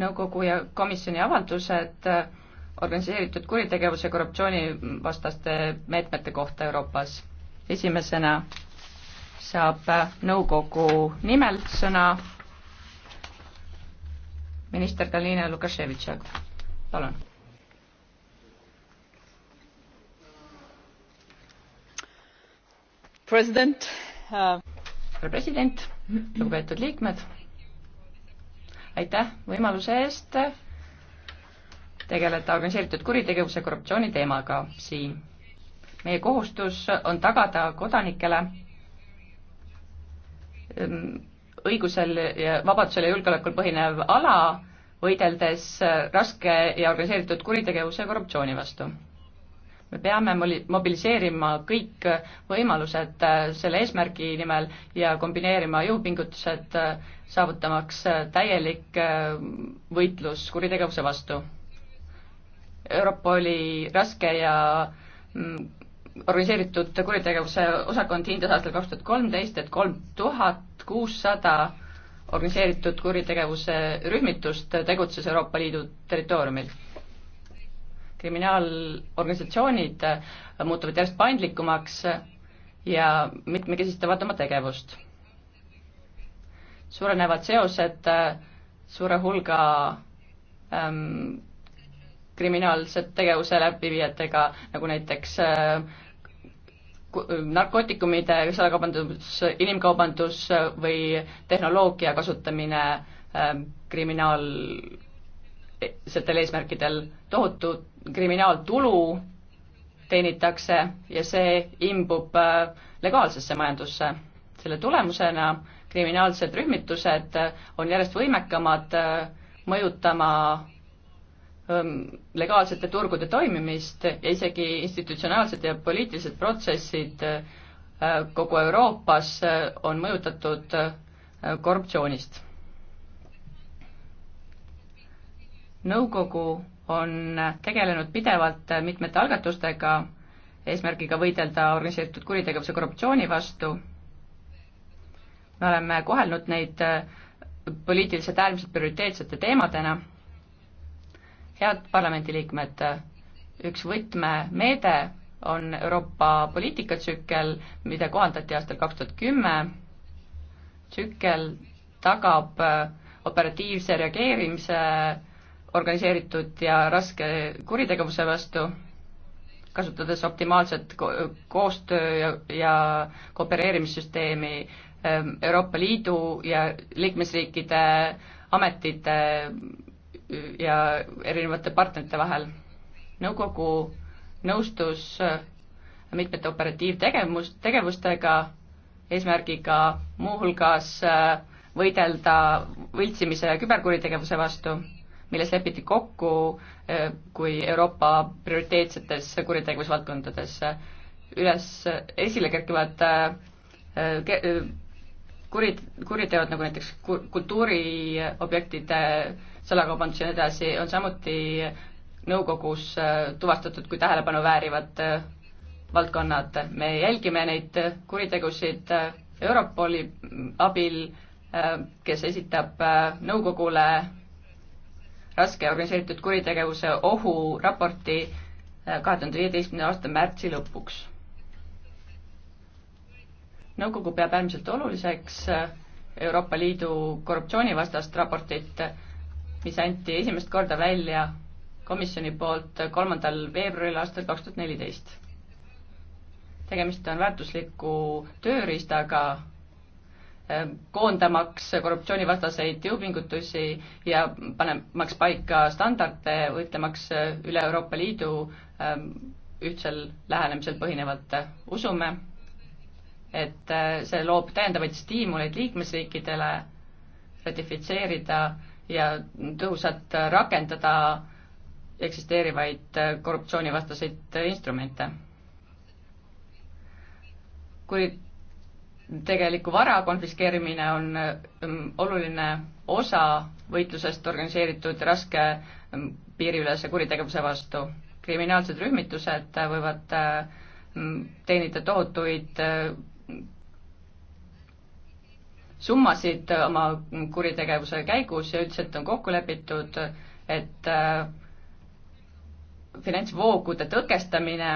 nõukogu ja komisjoni avaldused äh, organiseeritud kuritegevuse ja korruptsiooni vastaste meetmete kohta Euroopas. esimesena saab äh, nõukogu nimel sõna minister Galina Lukaševitšak, palun. president uh.... härra president, lugupeetud liikmed aitäh võimaluse eest tegeleda organiseeritud kuritegevuse ja korruptsiooni teemaga siin. meie kohustus on tagada kodanikele ehm, õigusel ja vabadusel ja julgeolekul põhinev ala, võideldes raske ja organiseeritud kuritegevuse ja korruptsiooni vastu me peame mobiliseerima kõik võimalused äh, selle eesmärgi nimel ja kombineerima jõupingutused, äh, saavutamaks äh, täielik võitlus kuritegevuse vastu. Euroopa oli raske ja mm, organiseeritud kuritegevuse osakond hindas aastal kaks tuhat kolmteist, et kolm tuhat kuussada organiseeritud kuritegevuse rühmitust tegutses Euroopa Liidu territooriumil kriminaalorganisatsioonid äh, muutuvad järjest paindlikumaks äh, ja mitmekesistavad oma tegevust. suurenevad seosed äh, suure hulga ähm, kriminaalse tegevuse läbiviijatega, nagu näiteks äh, narkootikumide salakaubandus, inimkaubandus või tehnoloogia kasutamine äh, kriminaalsetel e-, eesmärkidel, tohutud kriminaaltulu teenitakse ja see imbub äh, legaalsesse majandusse. selle tulemusena kriminaalsed rühmitused äh, on järjest võimekamad äh, mõjutama ähm, legaalsete turgude toimimist ja isegi institutsionaalsed ja poliitilised protsessid kogu Euroopas on mõjutatud korruptsioonist. nõukogu on tegelenud pidevalt mitmete algatustega, eesmärgiga võidelda organiseeritud kuritegevuse korruptsiooni vastu, me oleme kohelnud neid poliitiliselt äärmiselt prioriteetsete teemadena, head parlamendiliikmed, üks võtmemeede on Euroopa poliitikatsükkel, mida kohandati aastal kaks tuhat kümme, tsükkel tagab operatiivse reageerimise organiseeritud ja raske kuritegevuse vastu, kasutades optimaalset ko koostöö ja, ja koopereerimissüsteemi ähm, Euroopa Liidu ja liikmesriikide ametite äh, ja erinevate partnerite vahel. nõukogu nõustus äh, mitmete operatiivtegevus, tegevustega, eesmärgiga muuhulgas äh, võidelda võltsimise ja küberkuritegevuse vastu milles lepiti kokku eh, kui Euroopa prioriteetsetes kuritegevusvaldkondades. Eh, üles, esile kerkivad eh, kuri, kuriteod, nagu näiteks kultuuriobjektide salakaubandus ja nii edasi, on samuti nõukogus tuvastatud kui tähelepanu väärivad valdkonnad. me jälgime neid kuritegusid Europoli abil, kes esitab nõukogule raske organiseeritud kuritegevuse ohu raporti äh, kahe tuhande viieteistkümnenda aasta märtsi lõpuks. nõukogu peab äärmiselt oluliseks äh, Euroopa Liidu korruptsioonivastast raportit, mis anti esimest korda välja komisjoni poolt kolmandal veebruaril aastal kaks tuhat neliteist. tegemist on väärtusliku tööriistaga Äh, koondamaks korruptsioonivastaseid jõupingutusi ja panemaks paika standarde, võitlemaks äh, üle Euroopa Liidu ähm, ühtsel lähenemisel põhinevalt. usume, et äh, see loob täiendavaid stiimuleid liikmesriikidele ratifitseerida ja tõhusalt rakendada eksisteerivaid korruptsioonivastaseid instrumente. kui tegeliku vara konfiskeerimine on ähm, oluline osa võitlusest organiseeritud raske ähm, piiriülese kuritegevuse vastu. kriminaalsed rühmitused võivad ähm, teenida tohutuid äh, summasid oma mm, kuritegevuse käigus ja üldiselt on kokku lepitud, et äh, finantsvoogude tõkestamine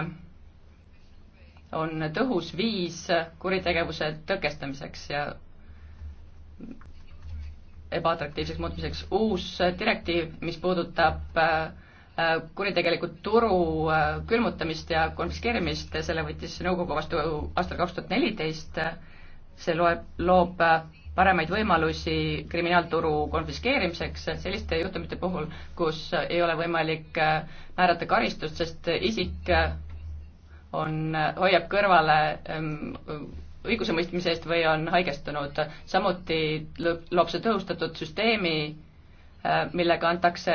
on tõhus viis kuritegevuse tõkestamiseks ja ebaatraktiivseks muutmiseks. uus direktiiv, mis puudutab äh, kuritegeliku turu äh, külmutamist ja konfiskeerimist, selle võttis nõukogu vastu aastal kaks tuhat neliteist, see loeb, loob äh, paremaid võimalusi kriminaalturu konfiskeerimiseks selliste juhtumite puhul, kus ei ole võimalik määrata karistust, sest isik on, hoiab kõrvale ähm, õigusemõistmise eest või on haigestunud. samuti loob see tõhustatud süsteemi, äh, millega antakse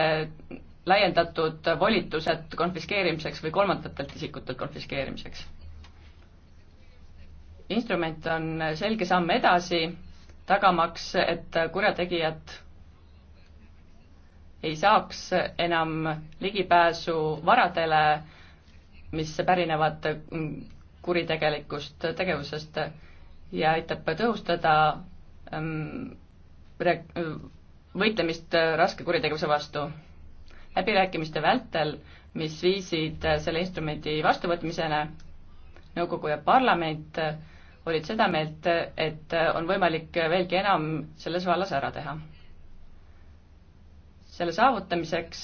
laiendatud volitused konfiskeerimiseks või kolmandatelt isikutelt konfiskeerimiseks. instrument on selge samm edasi, tagamaks, et kurjategijad ei saaks enam ligipääsu varadele, mis pärinevad mm, kuritegelikust tegevusest ja aitab tõhustada mm, re-, võitlemist raske kuritegevuse vastu. läbirääkimiste vältel, mis viisid selle instrumendi vastuvõtmisele, nõukogu ja parlament olid seda meelt, et on võimalik veelgi enam selles vallas ära teha. selle saavutamiseks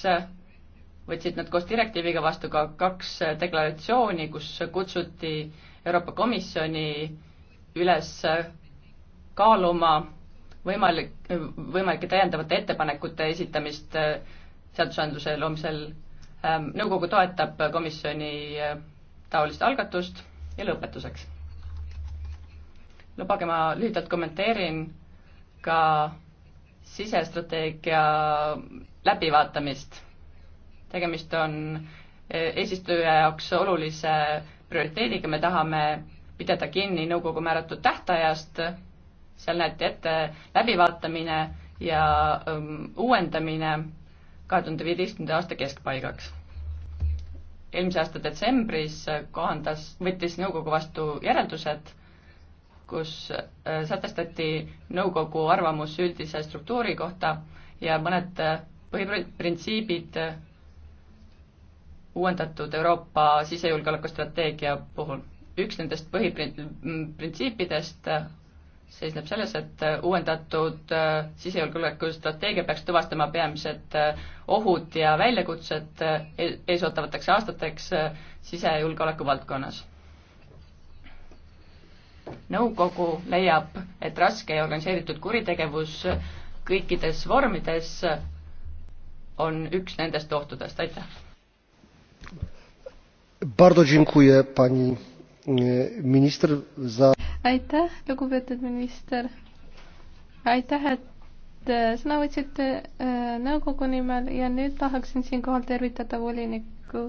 võtsid nad koos direktiiviga vastu ka kaks deklaratsiooni, kus kutsuti Euroopa Komisjoni üles kaaluma võimalik, võimalike täiendavate ettepanekute esitamist äh, seadusandluse loomisel. Ähm, nõukogu toetab komisjoni äh, taolist algatust ja lõpetuseks. lubage, ma lühidalt kommenteerin ka sisestrateegia läbivaatamist tegemist on e, eesistuja jaoks olulise prioriteediga, me tahame pidada kinni nõukogu määratud tähtajast, seal näete ette läbivaatamine ja um, uuendamine kahe tuhande viieteistkümnenda aasta keskpaigaks. eelmise aasta detsembris kohandas, võttis nõukogu vastu järeldused, kus e, sätestati nõukogu arvamus üldise struktuuri kohta ja mõned põhiprintsiibid uuendatud Euroopa sisejulgeolekustrateegia puhul. üks nendest põhiprintsiipidest äh, seisneb selles, et äh, uuendatud äh, sisejulgeolekustrateegia peaks tuvastama peamised ohud ja väljakutsed e-, eesootavateks aastateks sisejulgeoleku valdkonnas. nõukogu leiab, et raske ja organiseeritud kuritegevus kõikides vormides on üks nendest ohtudest, aitäh! E, aitäh, lugupeetud minister. aitäh, et sõna võtsite e, nõukogu nimel ja nüüd tahaksin siinkohal tervitada volinikku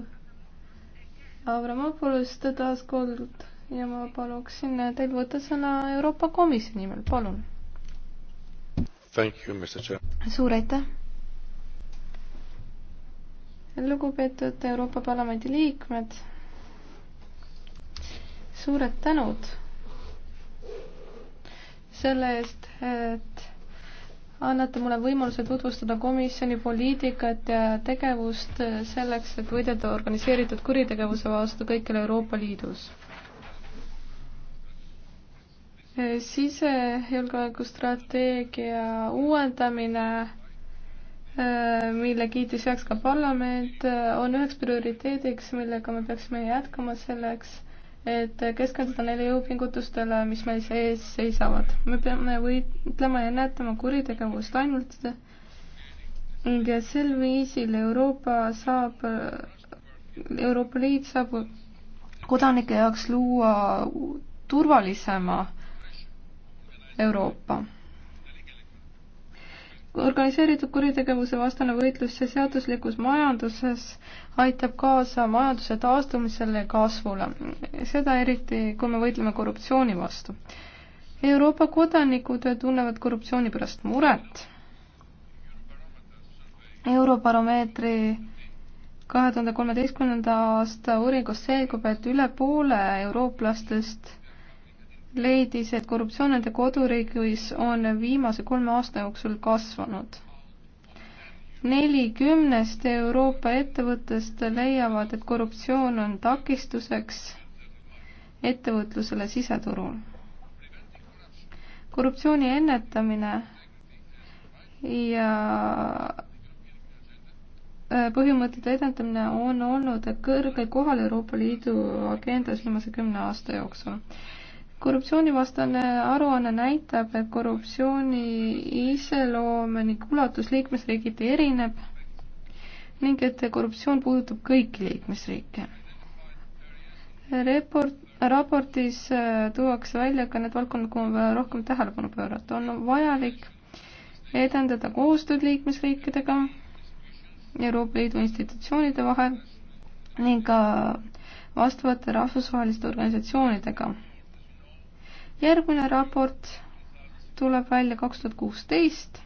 Avramopolust taas kord ja ma paluksin teil võtta sõna Euroopa Komisjoni nimel, palun. suur aitäh lugupeetud Euroopa Parlamendi liikmed, suured tänud selle eest, et annate mulle võimaluse tutvustada komisjoni poliitikat ja tegevust selleks, et võidelda organiseeritud kuritegevuse vastu kõikjal Euroopa Liidus. sisejulgeolekustrateegia uuendamine Äh, mille kiitis heaks ka parlament, äh, on üheks prioriteediks, millega me peaksime jätkama selleks, et keskenduda neile jõupingutustele, mis meil ees seisavad. me peame võitlema ja ennetama kuritegevust ainult ning sel viisil Euroopa saab, Euroopa Liit saab kodanike jaoks luua turvalisema Euroopa organiseeritud kuritegevuse vastane võitlus seaduslikus majanduses aitab kaasa majanduse taastumisele ja kasvule, seda eriti, kui me võitleme korruptsiooni vastu. Euroopa kodanikud tunnevad korruptsiooni pärast muret. Eurobaromeetri kahe tuhande kolmeteistkümnenda aasta uuringust selgub, et üle poole eurooplastest leidis, et korruptsioon nende koduriigis on viimase kolme aasta jooksul kasvanud. neli kümnest Euroopa ettevõttest leiavad, et korruptsioon on takistuseks ettevõtlusele siseturul. korruptsiooni ennetamine ja äh, põhimõtete edendamine on olnud kõrgel kohal Euroopa Liidu agendas viimase kümne aasta jooksul korruptsioonivastane aruanne näitab, et korruptsiooni iseloom ning ulatus liikmesriigiti erineb ning et korruptsioon puudutab kõiki liikmesriike. Report, raportis äh, tuuakse välja ka need valdkonnad, kuhu on vaja rohkem tähelepanu pöörata. on vajalik edendada koostööd liikmesriikidega, Euroopa Liidu institutsioonide vahel ning ka vastavate rahvusvaheliste organisatsioonidega järgmine raport tuleb välja kaks tuhat kuusteist.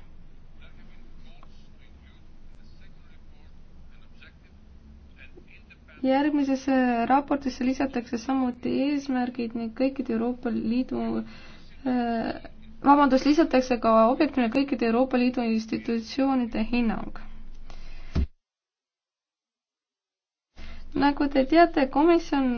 järgmisesse raportisse lisatakse samuti eesmärgid ning kõikide Euroopa Liidu äh, vabandust, lisatakse ka objektiivne kõikide Euroopa Liidu institutsioonide hinnang nagu te teate, komisjon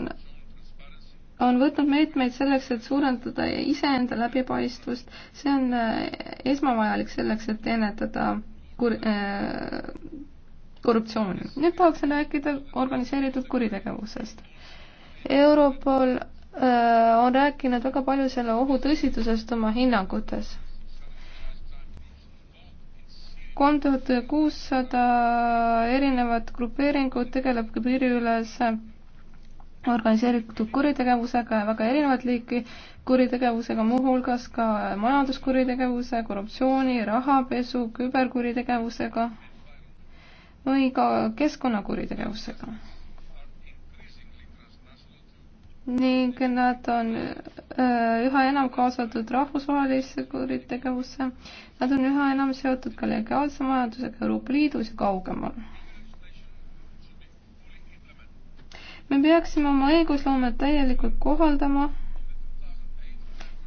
on võtnud meetmeid selleks, et suurendada iseenda läbipaistvust, see on äh, esmavajalik selleks, et ennetada kur-, äh, korruptsiooni. nüüd tahaksin rääkida organiseeritud kuritegevusest. Europol äh, on rääkinud väga palju selle ohu tõsidusest oma hinnangutes. kolm tuhat kuussada erinevat grupeeringut tegeleb piiriülese organiseeritud kuritegevusega ja väga erinevat liiki kuritegevusega, muuhulgas ka majanduskuritegevuse, korruptsiooni, rahapesu, küberkuritegevusega või ka keskkonnakuritegevusega. ning nad on äh, üha enam kaasatud rahvusvahelisse kuritegevusse, nad on üha enam seotud ka legaalse majandusega Euroopa Liidus ja kaugemal me peaksime oma õigusloomet täielikult kohaldama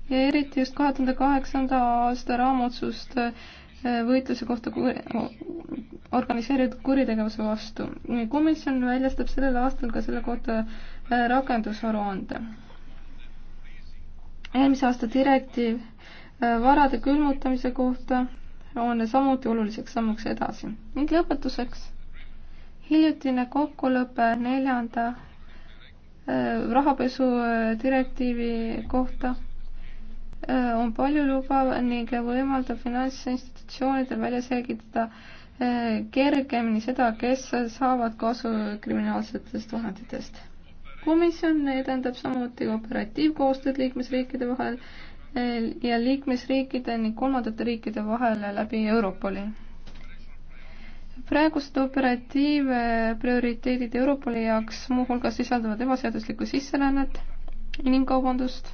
ja eriti just kahe tuhande kaheksanda aasta raamotsust äh, võitluse kohta organiseeritud kuritegevuse vastu. komisjon väljastab sellel aastal ka selle kohta äh, rakendusaruande. eelmise aasta direktiiv äh, varade külmutamise kohta on samuti oluliseks sammuks edasi. ning lõpetuseks hiljutine kokkulepe neljanda Äh, rahapesu äh, direktiivi kohta äh, on paljulubav ning võimaldab finantsinstitutsioonidel välja selgitada kergemini seda, kes saavad kasu kriminaalsetest vahenditest. komisjon edendab samuti operatiivkoostööd liikmesriikide vahel ja liikmesriikide ning kolmandate riikide vahel läbi Europoli praegused operatiivprioriteedid Europoli jaoks muuhulgas sisaldavad ebaseaduslikku sisserännet, inimkaubandust,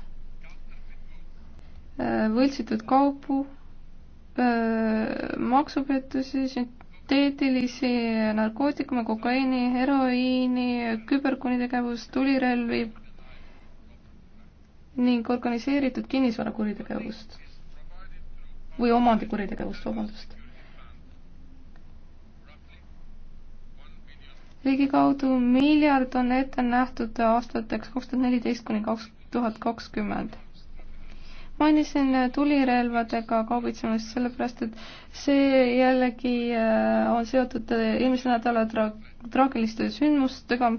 äh, võltsitud kaupu, äh, maksupettusi, sünteetilisi narkootikume, kokaiini, heroiini, küberkuritegevust, tulirelvi ning organiseeritud kinnisvarakuritegevust või omandikuritegevust, vabandust ligikaudu miljard on ette nähtud aastateks kaks tuhat neliteist kuni kaks tuhat kakskümmend. mainisin tulirelvadega kaubitsemist sellepärast, et see jällegi äh, on seotud äh, eelmise nädala tra-, traagiliste sündmustega,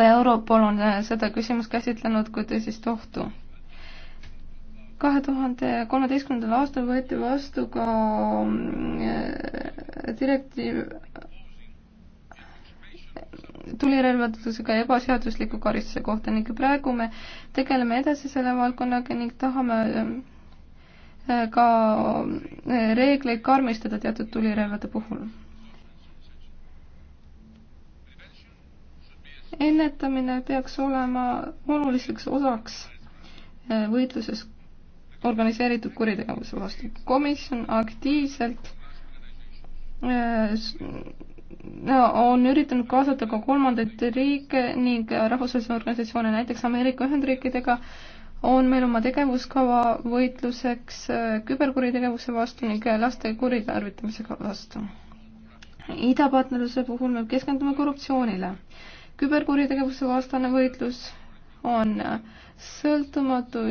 ka Europol on äh, seda küsimust käsitlenud kui tõsist ohtu. kahe tuhande kolmeteistkümnendal aastal võeti vastu ka mm, direktiiv tulirelvadusega ebaseadusliku karistuse kohta ning praegu me tegeleme edasi selle valdkonnaga ning tahame äh, ka äh, reegleid karmistada teatud tulirelvade puhul. ennetamine peaks olema oluliseks osaks äh, võitluses organiseeritud kuritegevuse vastu. komisjon aktiivselt on üritanud kaasata ka kolmandaid riike ning rahvusvahelisi organisatsioone, näiteks Ameerika Ühendriikidega on meil oma tegevuskava võitluseks äh, küberkuritegevuse vastu ning laste kuritarvitamisega vastu. idapartnerluse puhul me keskendume korruptsioonile. küberkuritegevuse vastane võitlus on äh, sõltumatu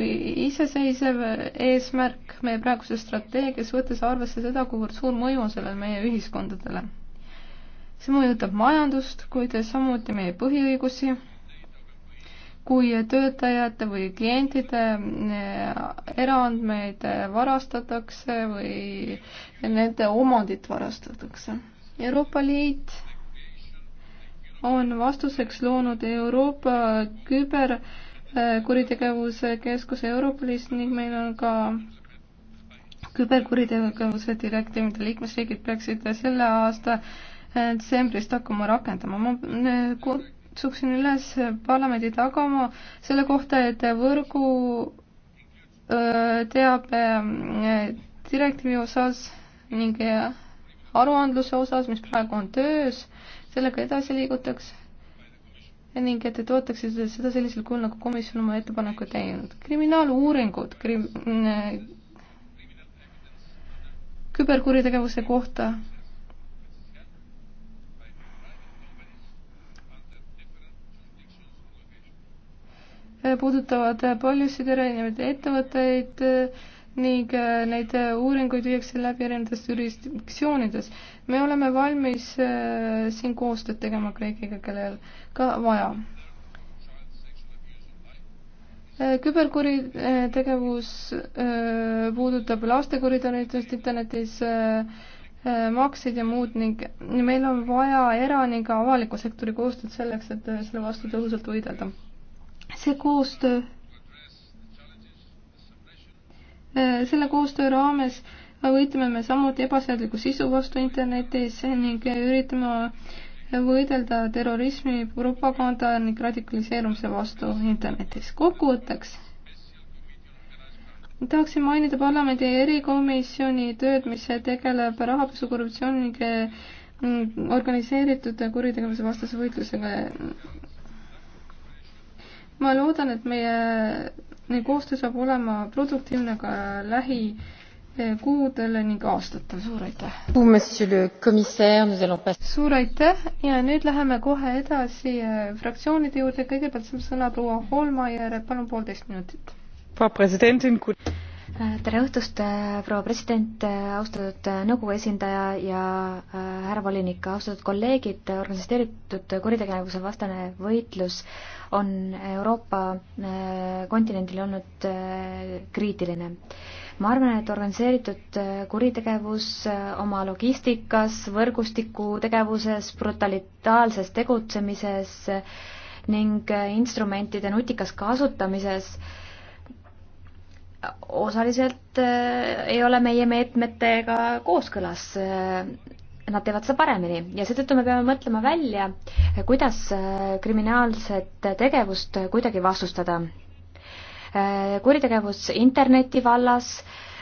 iseseisev eesmärk meie praeguses strateegias, võttes arvesse seda, kuivõrd suur mõju on sellel meie ühiskondadele see mõjutab majandust, kuid samuti meie põhiõigusi. kui töötajate või klientide eh, eraandmeid varastatakse või nende omandit varastatakse. Euroopa Liit on vastuseks loonud Euroopa küberkuritegevuse eh, keskuse Europolis ning meil on ka küberkuritegevuse direktiiv, mida liikmesriigid peaksid selle aasta äh, detsembrist hakkama rakendama. ma eh, kutsuksin üles parlamendi tagama selle kohta, et võrgu eh, teabe eh, direktiivi osas ning aruandluse osas, mis praegu on töös, sellega edasi liigutaks ning et te toetaksite seda sellisel kujul, nagu komisjon oma ettepaneku teinud. kriminaaluuringud krim-, küberkuritegevuse kohta Äh, puudutavad paljusid erinevaid ettevõtteid äh, ning äh, neid uuringuid viiakse läbi erinevates jurisdiktsioonides. me oleme valmis siin koostööd tegema Kreekiga, kellel ka vaja. küberkuritegevus puudutab laste kuritarvitamist internetis, makseid ja muud ning meil on vaja era- ning avaliku sektori koostööd selleks, et selle vastu tõhusalt võidelda see koostöö, selle koostöö raames võitleme me samuti ebaseadusliku sisu vastu internetis ning üritame võidelda terrorismi, propaganda ning radikaliseerumise vastu internetis. kokkuvõtteks tahaksin mainida parlamendi erikomisjoni tööd, mis tegeleb rahapesu, korruptsiooni ning organiseeritud kuritegevuse vastase võitlusega ma loodan, et meie koostöö saab olema produktiivne ka lähikuudel ning aastatel, suur aitäh! suur aitäh ja nüüd läheme kohe edasi eh, fraktsioonide juurde, kõigepealt saab sõna proua Holmajärv, palun poolteist minutit. proua presidentin, kui eh, tere õhtust, eh, proua president, austatud nõukogu esindaja ja härra volinik, austatud kolleegid, organiseeritud kuritegevuse vastane võitlus on Euroopa äh, kontinendil olnud äh, kriitiline. ma arvan, et organiseeritud äh, kuritegevus oma logistikas, võrgustiku tegevuses, brutalitaalses tegutsemises ning instrumentide nutikas kasutamises osaliselt ei ole meie meetmetega kooskõlas nad teevad seda paremini ja seetõttu me peame mõtlema välja, kuidas äh, kriminaalset tegevust kuidagi vastustada. Äh, kuritegevus interneti vallas,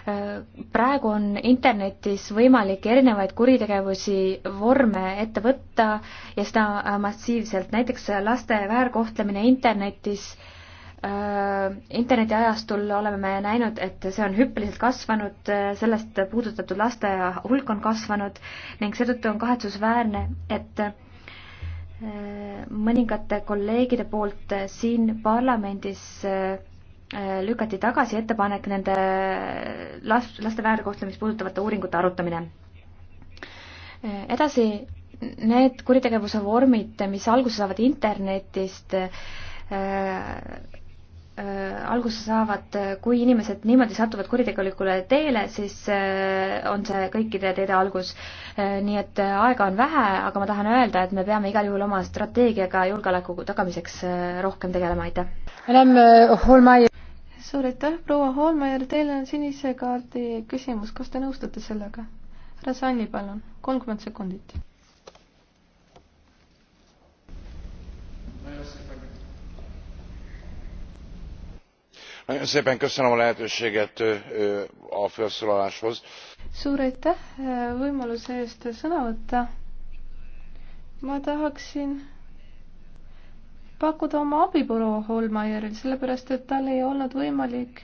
äh, praegu on internetis võimalik erinevaid kuritegevusi, vorme ette võtta ja seda massiivselt, näiteks laste väärkohtlemine internetis Äh, internetiajastul oleme me näinud, et see on hüppeliselt kasvanud, äh, sellest puudutatud laste hulk on kasvanud ning seetõttu on kahetsusväärne, et äh, mõningate kolleegide poolt siin parlamendis lükati tagasi ettepanek nende last, laste väärkohtlemist puudutavate uuringute arutamine. edasi, need kuritegevuse vormid, mis alguse saavad internetist, Äh, alguse saavad, äh, kui inimesed niimoodi satuvad kuritegelikule teele, siis äh, on see kõikide teede algus. nii et aega on vähe, aga ma tahan öelda, et me peame igal juhul oma strateegiaga julgeoleku tagamiseks rohkem tegelema, aitäh. suur aitäh, proua Holmeier, teil on sinise kaardi küsimus, kas te nõustute sellega? härra Sanni, palun, kolmkümmend sekundit nagyon szépen köszönöm a lehetőséget a felszólaláshoz. suur aitäh võimaluse eest sõna võtta. ma tahaksin pakkuda oma abi proua Holmajäril, sellepärast et tal ei olnud võimalik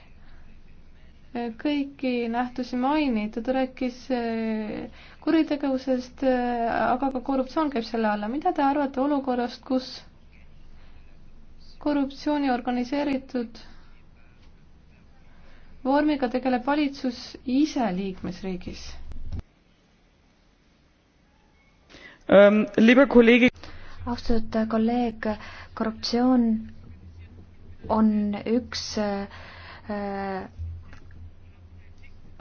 kõiki nähtusi mainida, ta rääkis kuritegevusest, aga ka korruptsioon käib selle alla. mida te arvate olukorrast, kus korruptsiooni organiseeritud vormiga tegeleb valitsus ise liikmesriigis ähm,? austatud kolleeg, korruptsioon on üks äh,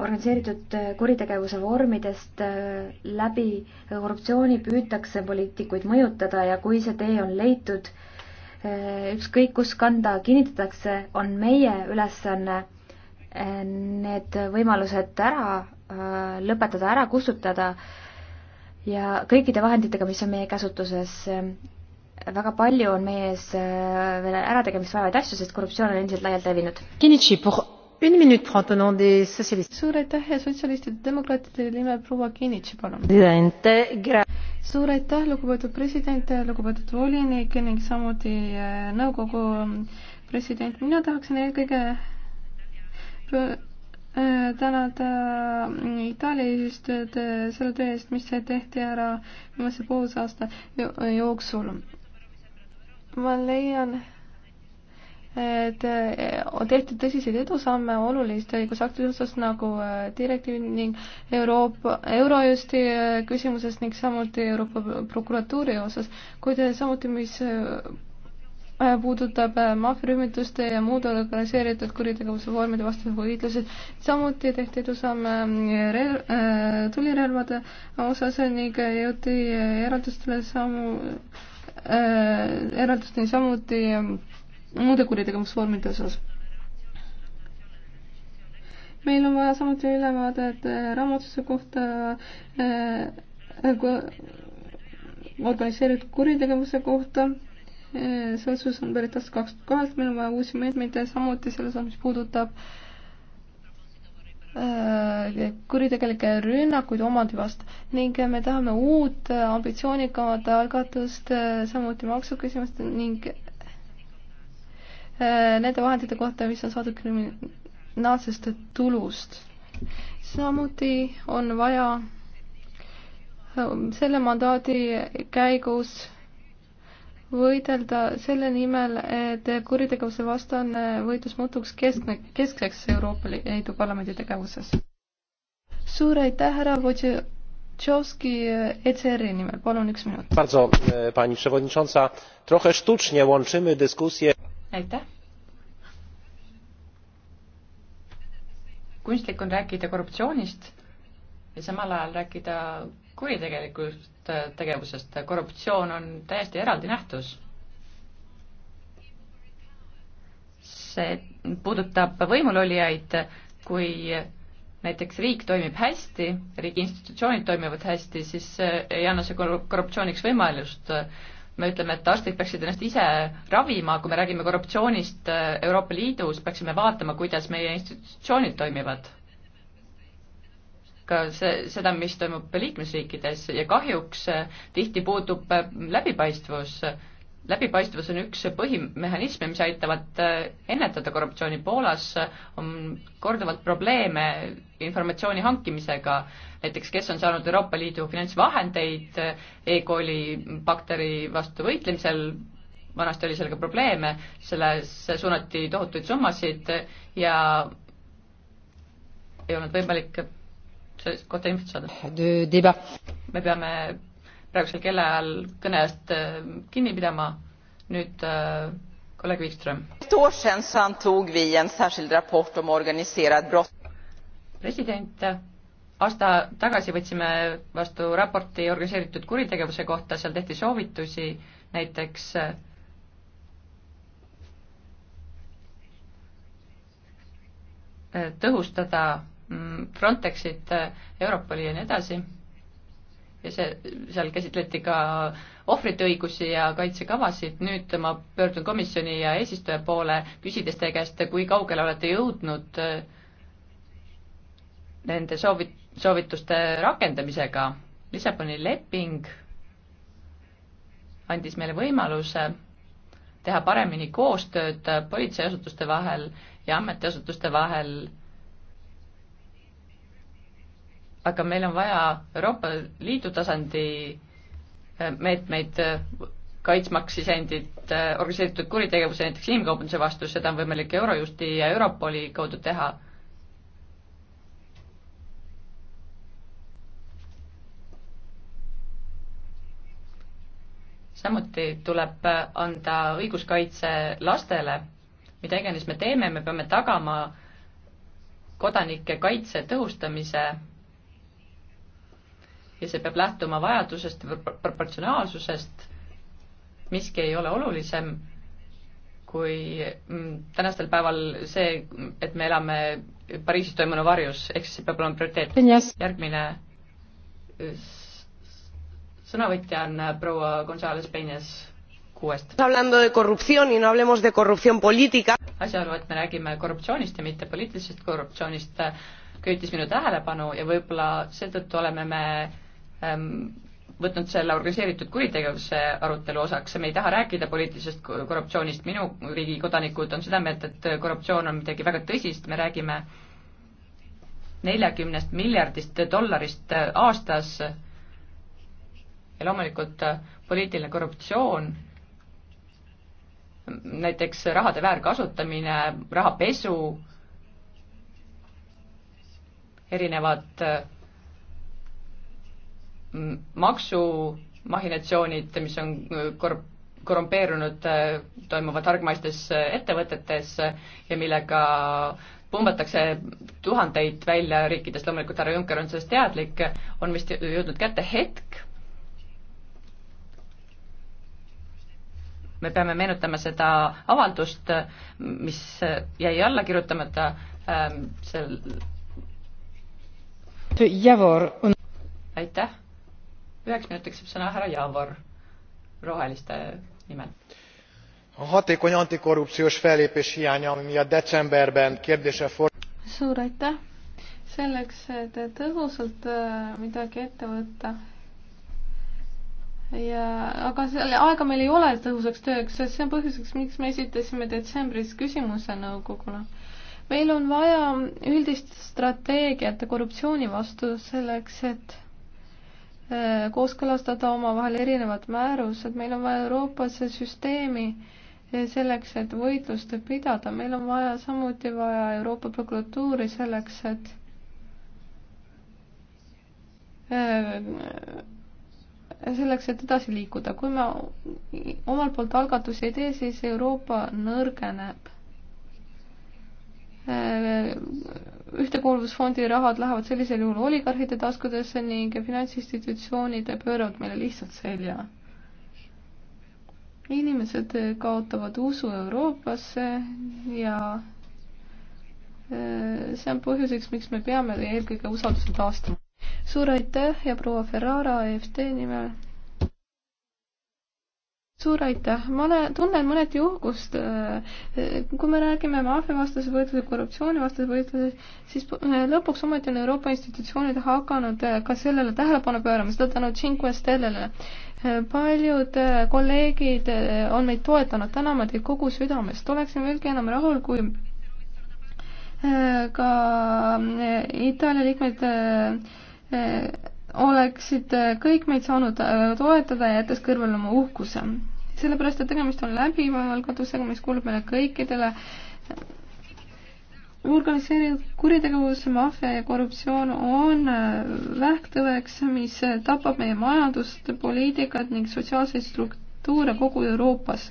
organiseeritud kuritegevuse vormidest läbi korruptsiooni püütakse poliitikuid mõjutada ja kui see tee on leitud, äh, ükskõik kus kanda kinnitatakse, on meie ülesanne need võimalused ära äh, lõpetada, ära kustutada ja kõikide vahenditega, mis on meie käsutuses, väga palju on meie ees äh, veel ärategemist vajavaid asju, sest korruptsioon on endiselt laialt levinud. suur aitäh ja sotsialistide demokraatide nimel proua Kinnitši, palun. suur aitäh, lugupeetud president, lugupeetud volinik ning samuti äh, nõukogu president, mina tahaksin eelkõige Äh, tänada äh, Itaalia eesistujad äh, selle töö eest, mis tehti ära viimase poolsaasta jooksul. ma leian, et on tehtud tõsiseid edusamme oluliste õigusaktide osas nagu direktiivi ning Euroopa, Eurojusti küsimuses ning samuti Euroopa prokuratuuri osas, kuid samuti, mis Äh, puudutab äh, maffiarühmituste ja muude organiseeritud kuritegevuse vormide vastase võitluse. samuti tehti edusamme äh, relv, tulirelvade osas ning jõuti eraldustele samu, eraldusteni samuti muude kuritegevusvormide osas meil on vaja samuti ülevaadet raamatuse kohta äh, äh, organiseeritud kuritegevuse kohta see otsus on pärit aastast kaks tuhat kaheksa, meil on vaja uusi meetmeid ja samuti selles osas, mis puudutab äh, kuritegelikke rünnakuid omandi vastu ning me tahame uut äh, ambitsioonikamat algatust, äh, samuti maksuküsimust ning nende vahendite kohta, mis on saadud kriminaalsest tulust. samuti on vaja selle mandaadi käigus võidelda selle nimel, et kuritegevuse vastane võitlus muutuks keskne, keskseks Euroopa Liidu Parlamendi tegevuses. suur aitäh, härra Wojciechowski ECR-i nimel, palun üks minut. Bardzo, e, pani przewodnicząca, trochę sztucznie łączymy dyskusję. aitäh. kunstlik on rääkida korruptsioonist ja samal ajal rääkida kuritegelikust äh, tegevusest, korruptsioon on täiesti eraldi nähtus. see puudutab võimulolijaid, kui näiteks riik toimib hästi, riigi institutsioonid toimivad hästi, siis äh, ei anna see korruptsiooniks võimalust. me ütleme, et arstid peaksid ennast ise ravima, kui me räägime korruptsioonist äh, Euroopa Liidus, peaksime vaatama, kuidas meie institutsioonid toimivad ka see, seda, mis toimub liikmesriikides ja kahjuks äh, tihti puudub äh, läbipaistvus. läbipaistvus on üks põhimehhanisme, mis aitavad äh, ennetada korruptsiooni. Poolas on korduvalt probleeme informatsiooni hankimisega, näiteks kes on saanud Euroopa Liidu finantsvahendeid e-kooli bakteri vastu võitlemisel, vanasti oli sellega probleeme, sellesse suunati tohutuid summasid ja ei olnud võimalik sellest kohta infot saada. me peame praegusel kellaajal kõne eest äh, kinni pidama, nüüd äh, kolleeg Wikström. president, aasta tagasi võtsime vastu raporti organiseeritud kuritegevuse kohta, seal tehti soovitusi näiteks äh, tõhustada Mm, Frontexit, äh, Europoli ja nii edasi, ja see, seal käsitleti ka ohvrite õigusi ja kaitsekavasid, nüüd ma pöördun komisjoni ja eesistuja poole, küsides teie käest, kui kaugele olete jõudnud äh, nende soovi-, soovituste rakendamisega. Lissaboni leping andis meile võimaluse teha paremini koostööd politseiasutuste vahel ja ametiasutuste vahel aga meil on vaja Euroopa Liidu tasandi äh, meetmeid äh, kaitsmaks sisendit äh, organiseeritud kuritegevuse, näiteks inimkaubanduse vastu, seda on võimalik Eurojusti ja Europoli kaudu teha. samuti tuleb anda õiguskaitse lastele, mida iganes me teeme, me peame tagama kodanike kaitse tõhustamise ja see peab lähtuma vajadusest, proportsionaalsusest, miski ei ole olulisem kui mm, tänastel päeval see, et me elame Pariisis toimunu varjus, ehk siis see peab olema prioriteet yes.. järgmine äh, sõnavõtja on äh, proua Gonzales Peñas kuuest. Hablando de corrupción y no hablemos de corrupción política. asjaolu, et me räägime korruptsioonist ja mitte poliitilisest korruptsioonist, äh, köitis minu tähelepanu ja võib-olla seetõttu oleme me Ähm, võtnud selle organiseeritud kuritegevuse arutelu osaks ja me ei taha rääkida poliitilisest korruptsioonist, minu riigi kodanikud on seda meelt, et korruptsioon on midagi väga tõsist, me räägime neljakümnest miljardist dollarist äh, aastas ja loomulikult äh, poliitiline korruptsioon, näiteks rahade väärkasutamine, rahapesu, erinevad äh, maksumahhinatsioonid, mis on äh, kor-, korrumpeerunud, äh, toimuvad hargmaistes äh, ettevõtetes ja millega pumbatakse tuhandeid välja riikidest, loomulikult härra Juncker on sellest teadlik, on vist jõudnud kätte hetk, me peame meenutama seda avaldust, mis jäi alla kirjutamata ähm, sel aitäh üheks minutiks saab sõna härra Javor roheliste nimel. A hatékony antikorrupciós fellépés hiánya, ami miatt decemberben kérdése for... Suur aitäh! Selleks, et tõhusalt äh, midagi ette võtta, ja aga selle aega meil ei ole tõhusaks tööks, sest see on põhjuseks, miks me esitasime detsembris küsimuse nõukoguna. meil on vaja üldist strateegiat korruptsiooni vastu selleks, et kooskõlastada omavahel erinevad määrused, meil on vaja Euroopasse süsteemi selleks, et võitlust pidada, meil on vaja samuti vaja Euroopa prokuratuuri selleks, et äh, selleks, et edasi liikuda, kui me omalt poolt algatusi ei tee, siis Euroopa nõrgeneb äh, ühtekuuluvusfondi rahad lähevad sellisel juhul oligarhide taskudesse ning finantsinstitutsioonid pööravad meile lihtsalt selja. inimesed kaotavad usu Euroopasse ja äh, see on põhjuseks, miks me peame eelkõige usalduse taastama. suur aitäh ja proua Ferrara EFT nimel suur aitäh, ma olen, tunnen mõneti uhkust. Äh, kui me räägime maffiavastase võitluse, korruptsioonivastase võitluse, siis äh, lõpuks ometi on Euroopa institutsioonid hakanud äh, ka sellele tähelepanu pöörama, seda tänu Cinque Stellele. paljud kolleegid on meid toetanud, täname teid kogu südamest, oleksin veelgi enam rahul, kui ka Itaalia liikmed oleksid kõik meid saanud toetada, jättes kõrvale oma uhkuse sellepärast, et tegemist on läbivalgadusega, mis kuulub meile kõikidele. organiseeritud kuritegevus, maffia ja korruptsioon on äh, vähktõveks, mis äh, tapab meie majandust, poliitikat ning sotsiaalseid struktuure kogu Euroopas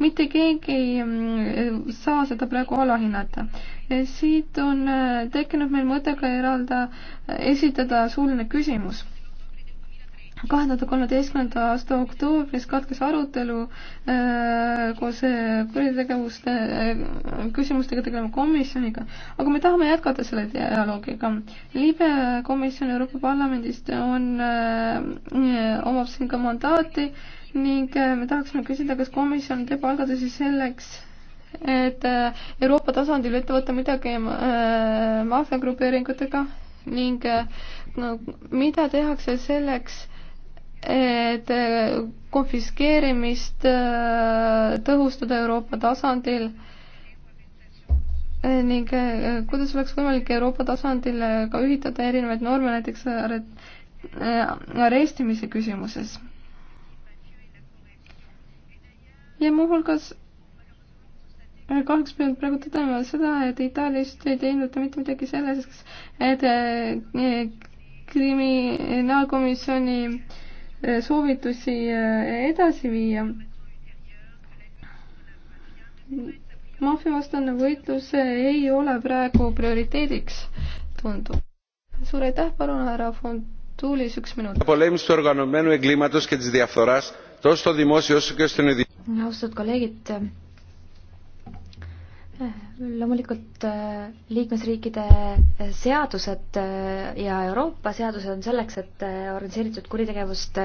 mitte keegi mm, ei saa seda praegu alahinnata. siit on äh, tekkinud meil mõte ka eralda, esitada suuline küsimus kahe tuhande kolmeteistkümnenda aasta oktoobris katkes arutelu äh, koos äh, kuritegevuste äh, küsimustega tegeleva komisjoniga, aga me tahame jätkata selle dialoogiga. libe komisjon Euroopa Parlamendist on äh,, omab siin ka mandaati ning äh, me tahaksime küsida, kas komisjon teeb algatusi selleks, et äh, Euroopa tasandil ette võtta midagi maffiagrupeeringutega ning no, mida tehakse selleks, et äh, konfiskeerimist äh, tõhustada Euroopa tasandil äh, ning kuidas oleks võimalik Euroopa tasandil ka ühitada erinevaid norme näiteks arestimise küsimuses. ja muuhulgas kahjuks pean praegu tõdema seda, et Itaalias ei teinud ta mitte midagi selles, et kriminaalkomisjoni äh, Eh, soovitusi eh, edasi viia. maffiavastane võitlus ei ole praegu prioriteediks, tundub. suur aitäh, palun, härra Fontuulis, üks minut. austatud kolleegid loomulikult äh, liikmesriikide äh, seadused äh, ja Euroopa seadused on selleks, et organiseeritud kuritegevust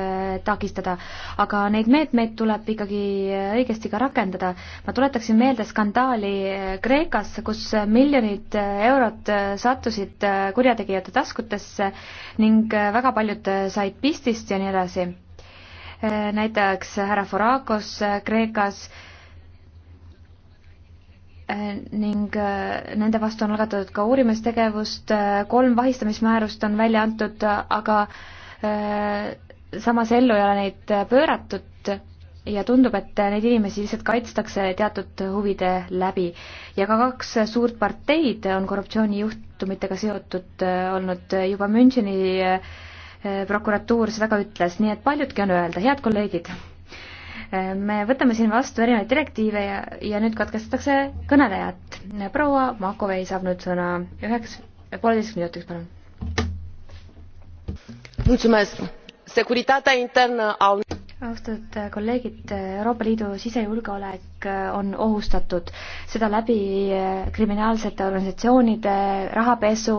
takistada, aga neid meetmeid tuleb ikkagi õigesti ka rakendada. ma tuletaksin meelde skandaali Kreekas, kus miljonid eurod sattusid kurjategijate taskutesse ning väga paljud said pistist ja nii edasi. näiteks härra Forakos Kreekas Äh, ning äh, nende vastu on algatatud ka uurimistegevust, äh, kolm vahistamismäärust on välja antud, aga samas ellu ei ole neid pööratud ja tundub, et neid inimesi lihtsalt kaitstakse teatud huvide läbi. ja ka kaks suurt parteid on korruptsioonijuhtumitega seotud olnud, juba Müncheni prokuratuur seda ka ütles, nii et paljutki on öelda, head kolleegid me võtame siin vastu erinevaid direktiive ja, ja nüüd katkestatakse kõnelejat. proua Makovei saab nüüd sõna üheks, pooleteiseks minutiks, palun. austatud kolleegid, Euroopa Liidu sisejulgeolek on ohustatud, seda läbi eh, kriminaalsete organisatsioonide, rahapesu,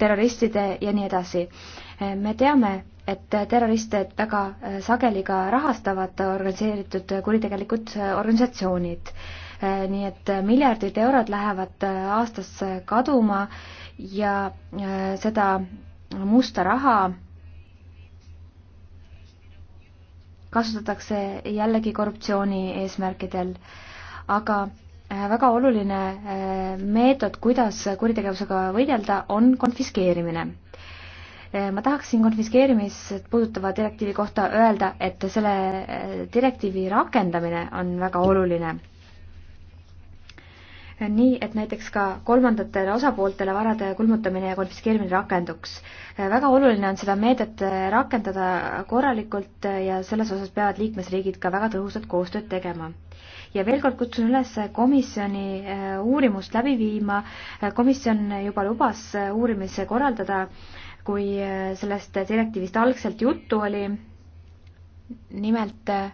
terroristide ja nii edasi. Eh, me teame, et terroriste väga äh, sageli ka rahastavad organiseeritud kuritegelikud äh, organisatsioonid. Äh, nii et miljardid eurod lähevad aastas kaduma ja seda musta raha kasutatakse jällegi korruptsiooni eesmärkidel, aga väga oluline meetod, kuidas kuritegevusega võidelda, on konfiskeerimine Eh, ma tahaksin konfiskeerimist puudutava direktiivi kohta öelda, et selle eh, direktiivi rakendamine on väga oluline. Eh, nii, et näiteks ka kolmandatele osapooltele varade kulmutamine ja konfiskeerimine rakenduks. väga oluline on seda meedet rakendada korralikult ja selles osas peavad liikmesriigid ka väga tõhusat koostööd tegema ja veel kord kutsun üles komisjoni uurimust läbi viima. komisjon juba lubas uurimise korraldada kui äh, sellest direktiivist algselt juttu oli. nimelt äh,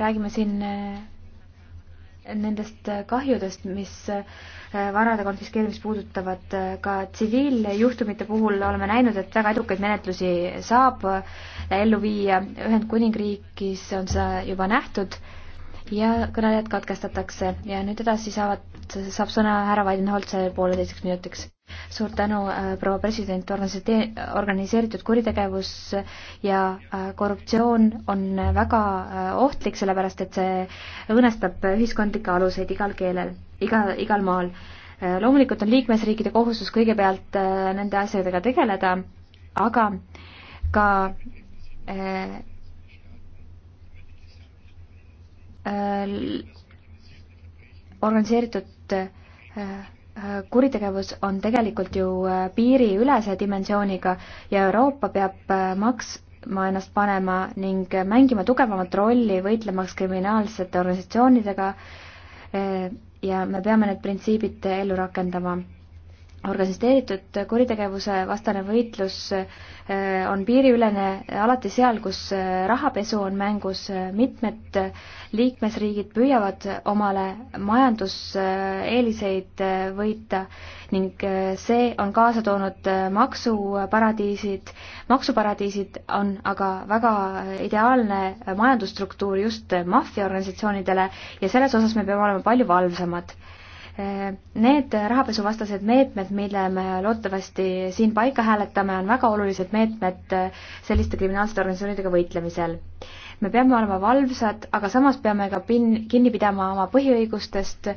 räägime siin äh, nendest kahjudest, mis varade konfiskeerimist puudutavad ka tsiviiljuhtumite puhul oleme näinud, et väga edukaid menetlusi saab ellu viia, Ühendkuningriigis on seda juba nähtud ja kõnelejad katkestatakse ja nüüd edasi saavad, saab sõna härra Weidenholzer pooleteiseks minutiks suur tänu, äh, proua president, organiseeritud kuritegevus ja äh, korruptsioon on väga äh, ohtlik, sellepärast et see õõnestab ühiskondlikke aluseid igal keelel, iga, igal maal. loomulikult on liikmesriikide kohustus kõigepealt nende asjadega tegeleda, aga ka äh, äh, organiseeritud äh, kuritegevus on tegelikult ju äh, piiriülese dimensiooniga ja Euroopa peab äh, maksma ennast panema ning äh, mängima tugevamat rolli võitlemaks kriminaalsete organisatsioonidega ja me peame need printsiibid ellu rakendama organiseeritud kuritegevuse vastane võitlus äh, on piiriülene alati seal, kus äh, rahapesu on mängus, mitmed liikmesriigid püüavad omale majanduseeliseid äh, võita ning see on kaasa toonud maksuparadiisid. maksuparadiisid on aga väga ideaalne majandusstruktuur just maffiaorganisatsioonidele ja selles osas me peame olema palju valvsamad Need rahapesuvastased meetmed, mille me loodetavasti siin paika hääletame, on väga olulised meetmed selliste kriminaalsete organisatsioonidega võitlemisel. me peame olema valvsad, aga samas peame ka pin-, kinni pidama oma põhiõigustest,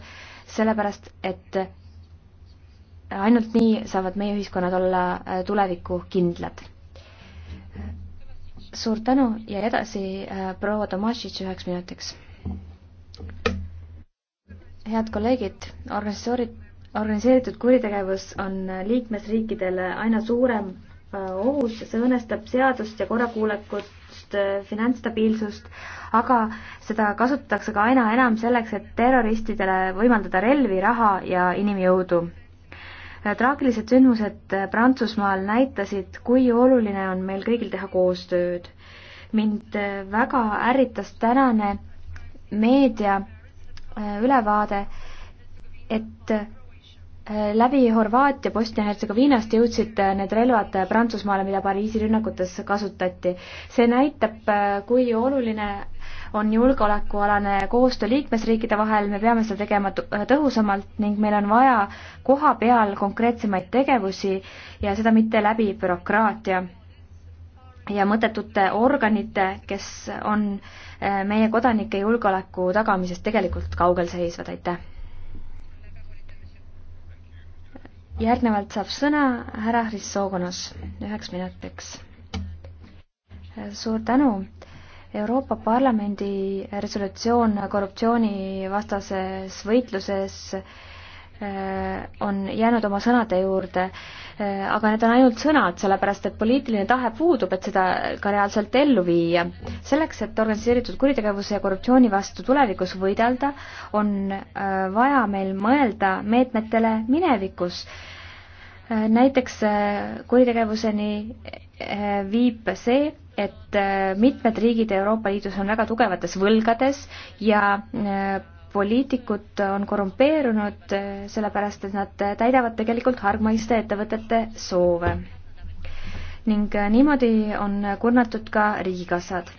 sellepärast et ainult nii saavad meie ühiskonnad olla äh, tuleviku kindlad. suur tänu ja edasi äh, proua Tomašitš üheks minutiks head kolleegid, organisatsioonid, organiseeritud kuritegevus on liikmesriikidele aina suurem äh, ohus, see õõnestab seadust ja korrakuulekust, äh, finantsstabiilsust, aga seda kasutatakse ka aina enam selleks, et terroristidele võimaldada relvi, raha ja inimjõudu. Äh, traagilised sündmused Prantsusmaal näitasid, kui oluline on meil kõigil teha koostööd. mind väga ärritas tänane meedia Äh, ülevaade, et äh, läbi Horvaatia, Bosnia-Hertsegoviinast jõudsid äh, need relvad Prantsusmaale, mida Pariisi rünnakutes kasutati. see näitab, kui oluline on julgeolekualane koostöö liikmesriikide vahel, me peame seda tegema tõhusamalt ning meil on vaja koha peal konkreetsemaid tegevusi ja seda mitte läbi bürokraatia ja mõttetute organite, kes on äh, meie kodanike julgeoleku tagamisest tegelikult kaugel seisvad, aitäh! järgnevalt saab sõna härra Hrissogonos üheks minutiks. suur tänu! Euroopa Parlamendi resolutsioon korruptsioonivastases võitluses äh, Äh, on jäänud oma sõnade juurde, äh, aga need on ainult sõnad, sellepärast et poliitiline tahe puudub, et seda ka reaalselt ellu viia. selleks, et organiseeritud kuritegevuse ja korruptsiooni vastu tulevikus võidelda, on äh, vaja meil mõelda meetmetele minevikus. näiteks kuritegevuseni viib see, et mitmed riigid Euroopa Liidus on väga tugevates võlgades ja poliitikud on korrumpeerunud, eh, sellepärast et nad täidavad tegelikult hargmaiste ettevõtete soove. ning eh, niimoodi on kurnatud ka riigikassad.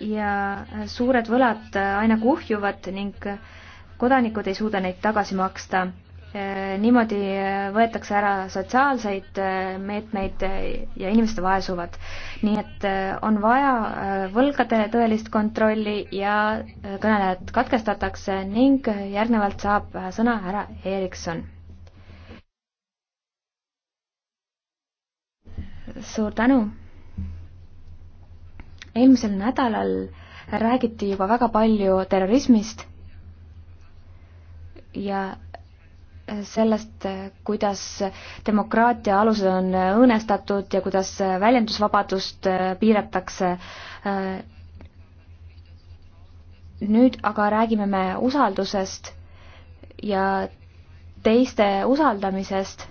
ja suured võlad aina kuhjuvad ning kodanikud ei suuda neid tagasi maksta Äh, niimoodi äh, võetakse ära sotsiaalseid äh, meetmeid ja inimeste vaesuvad. nii et on vaja võlgade tõelist kontrolli ja kõnelejad katkestatakse ning järgnevalt saab sõna härra Erikson. suur tänu. eelmisel nädalal räägiti juba väga palju terrorismist ja sellest, kuidas demokraatia alused on õõnestatud ja kuidas väljendusvabadust piiratakse. nüüd aga räägime me usaldusest ja teiste usaldamisest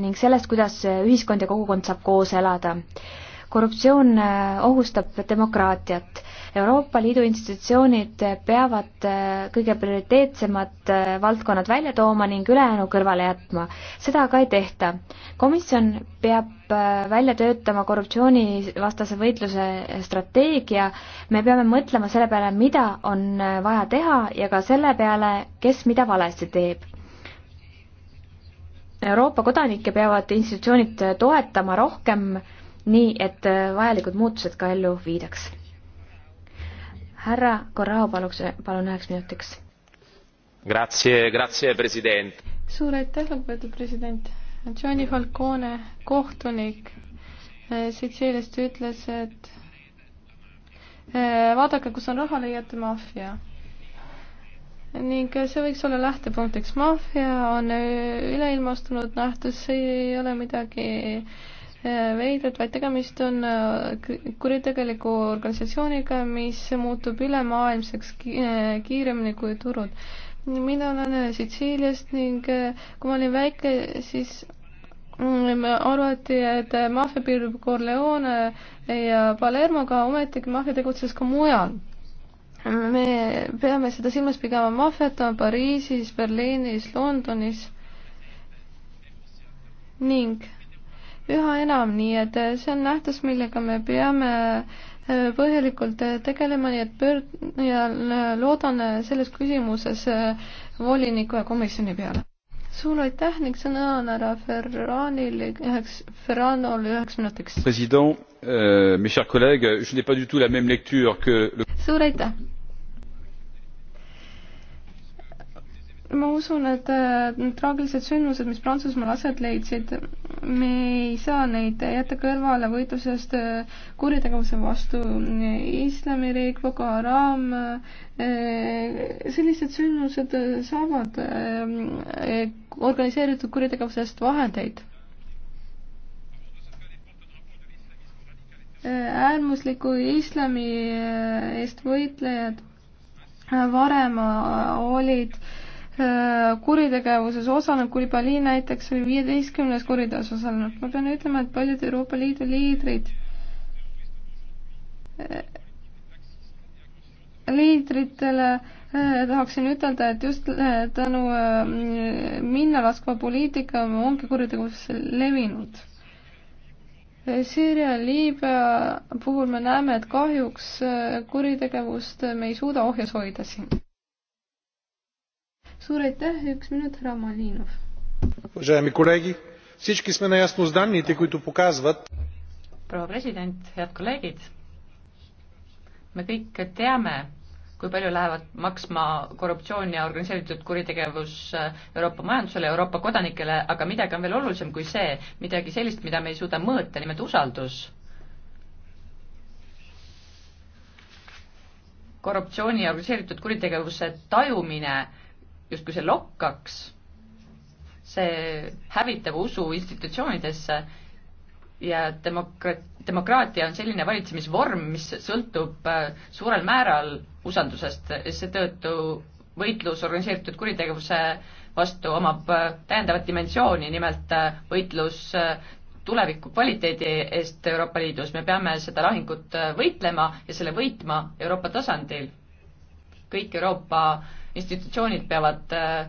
ning sellest, kuidas ühiskond ja kogukond saab koos elada. korruptsioon ohustab demokraatiat Euroopa Liidu institutsioonid peavad äh, kõige prioriteetsemad äh, valdkonnad välja tooma ning ülejäänu kõrvale jätma. seda aga ei tehta. komisjon peab äh, välja töötama korruptsioonivastase võitluse strateegia, me peame mõtlema selle peale, mida on vaja teha ja ka selle peale, kes mida valesti teeb Euroopa kodanikke peavad institutsioonid toetama rohkem, nii et vajalikud muutused ka ellu viidaks härra Corrao, paluks, palun üheks minutiks. Grazie, grazie, president. suur aitäh, lugupeetud president. Johnny Falcone, kohtunik Sitsiiliast eh, ütles, et eh, vaadake, kus on raha, leiate maffia ning see võiks olla lähtepunktiks. maffia on eh, üleilmastunud nähtus, see ei ole midagi Äh, veidrad, vaid tegemist on äh, kuritegeliku organisatsiooniga, mis muutub ülemaailmseks äh, kiiremini kui turud. mina olen Sitsiiliast ning kui ma olin väike, siis mm, arvati, et maffia piirdub Corleone ja Palermoga, ometigi maffia tegutses ka mujal. me peame seda silmas pidama, maffiat on Pariisis, Berliinis, Londonis ning üha enam, nii et eh, see on nähtus, millega me peame eh, põhjalikult eh, tegelema, nii et pöörd- ja loodan selles küsimuses voliniku ja komisjoni peale. suur aitäh ning sõna on härra Ferranil üheks, Ferranol üheks minutiks. president euh,, mes chers collègues, je n'ai pas du tout la même lecture que le... suur aitäh ma usun, et äh, traagilised sündmused, mis Prantsusmaal aset leidsid, me ei saa neid jätta kõrvale võitlusest äh, kuritegevuse vastu. islamiriik, Boko Haram, äh, sellised sündmused saavad organiseeritud kuritegevusest vahendeid. äärmusliku islami eest võitlejad varem olid äh, Äh, kuritegevuses osalenud, Kulibali näiteks oli viieteistkümnes kuriteos osalenud. ma pean ütlema, et paljud Euroopa Liidu liidrid äh, liidritele äh, tahaksin ütelda, et just tänu minna laskva poliitika ongi kuritegevus levinud. Süüria, Liibüa puhul me näeme, et kahjuks kuritegevust me ei suuda ohjes hoida siin suur aitäh, üks minut, härra Malinov. proua president, head kolleegid. me kõik teame, kui palju lähevad maksma korruptsioon ja organiseeritud kuritegevus Euroopa majandusele, Euroopa kodanikele, aga midagi on veel olulisem kui see, midagi sellist, mida me ei suuda mõõta, nimelt usaldus. korruptsiooni ja organiseeritud kuritegevuse tajumine justkui see lokkaks, see hävitab usu institutsioonidesse ja demokra-, demokraatia on selline valitsemisvorm, mis sõltub äh, suurel määral usaldusest, seetõttu võitlus organiseeritud kuritegevuse vastu omab äh, täiendavat dimensiooni, nimelt äh, võitlus tuleviku kvaliteedi eest Euroopa Liidus, me peame seda lahingut võitlema ja selle võitma Euroopa tasandil kõik Euroopa institutsioonid peavad äh,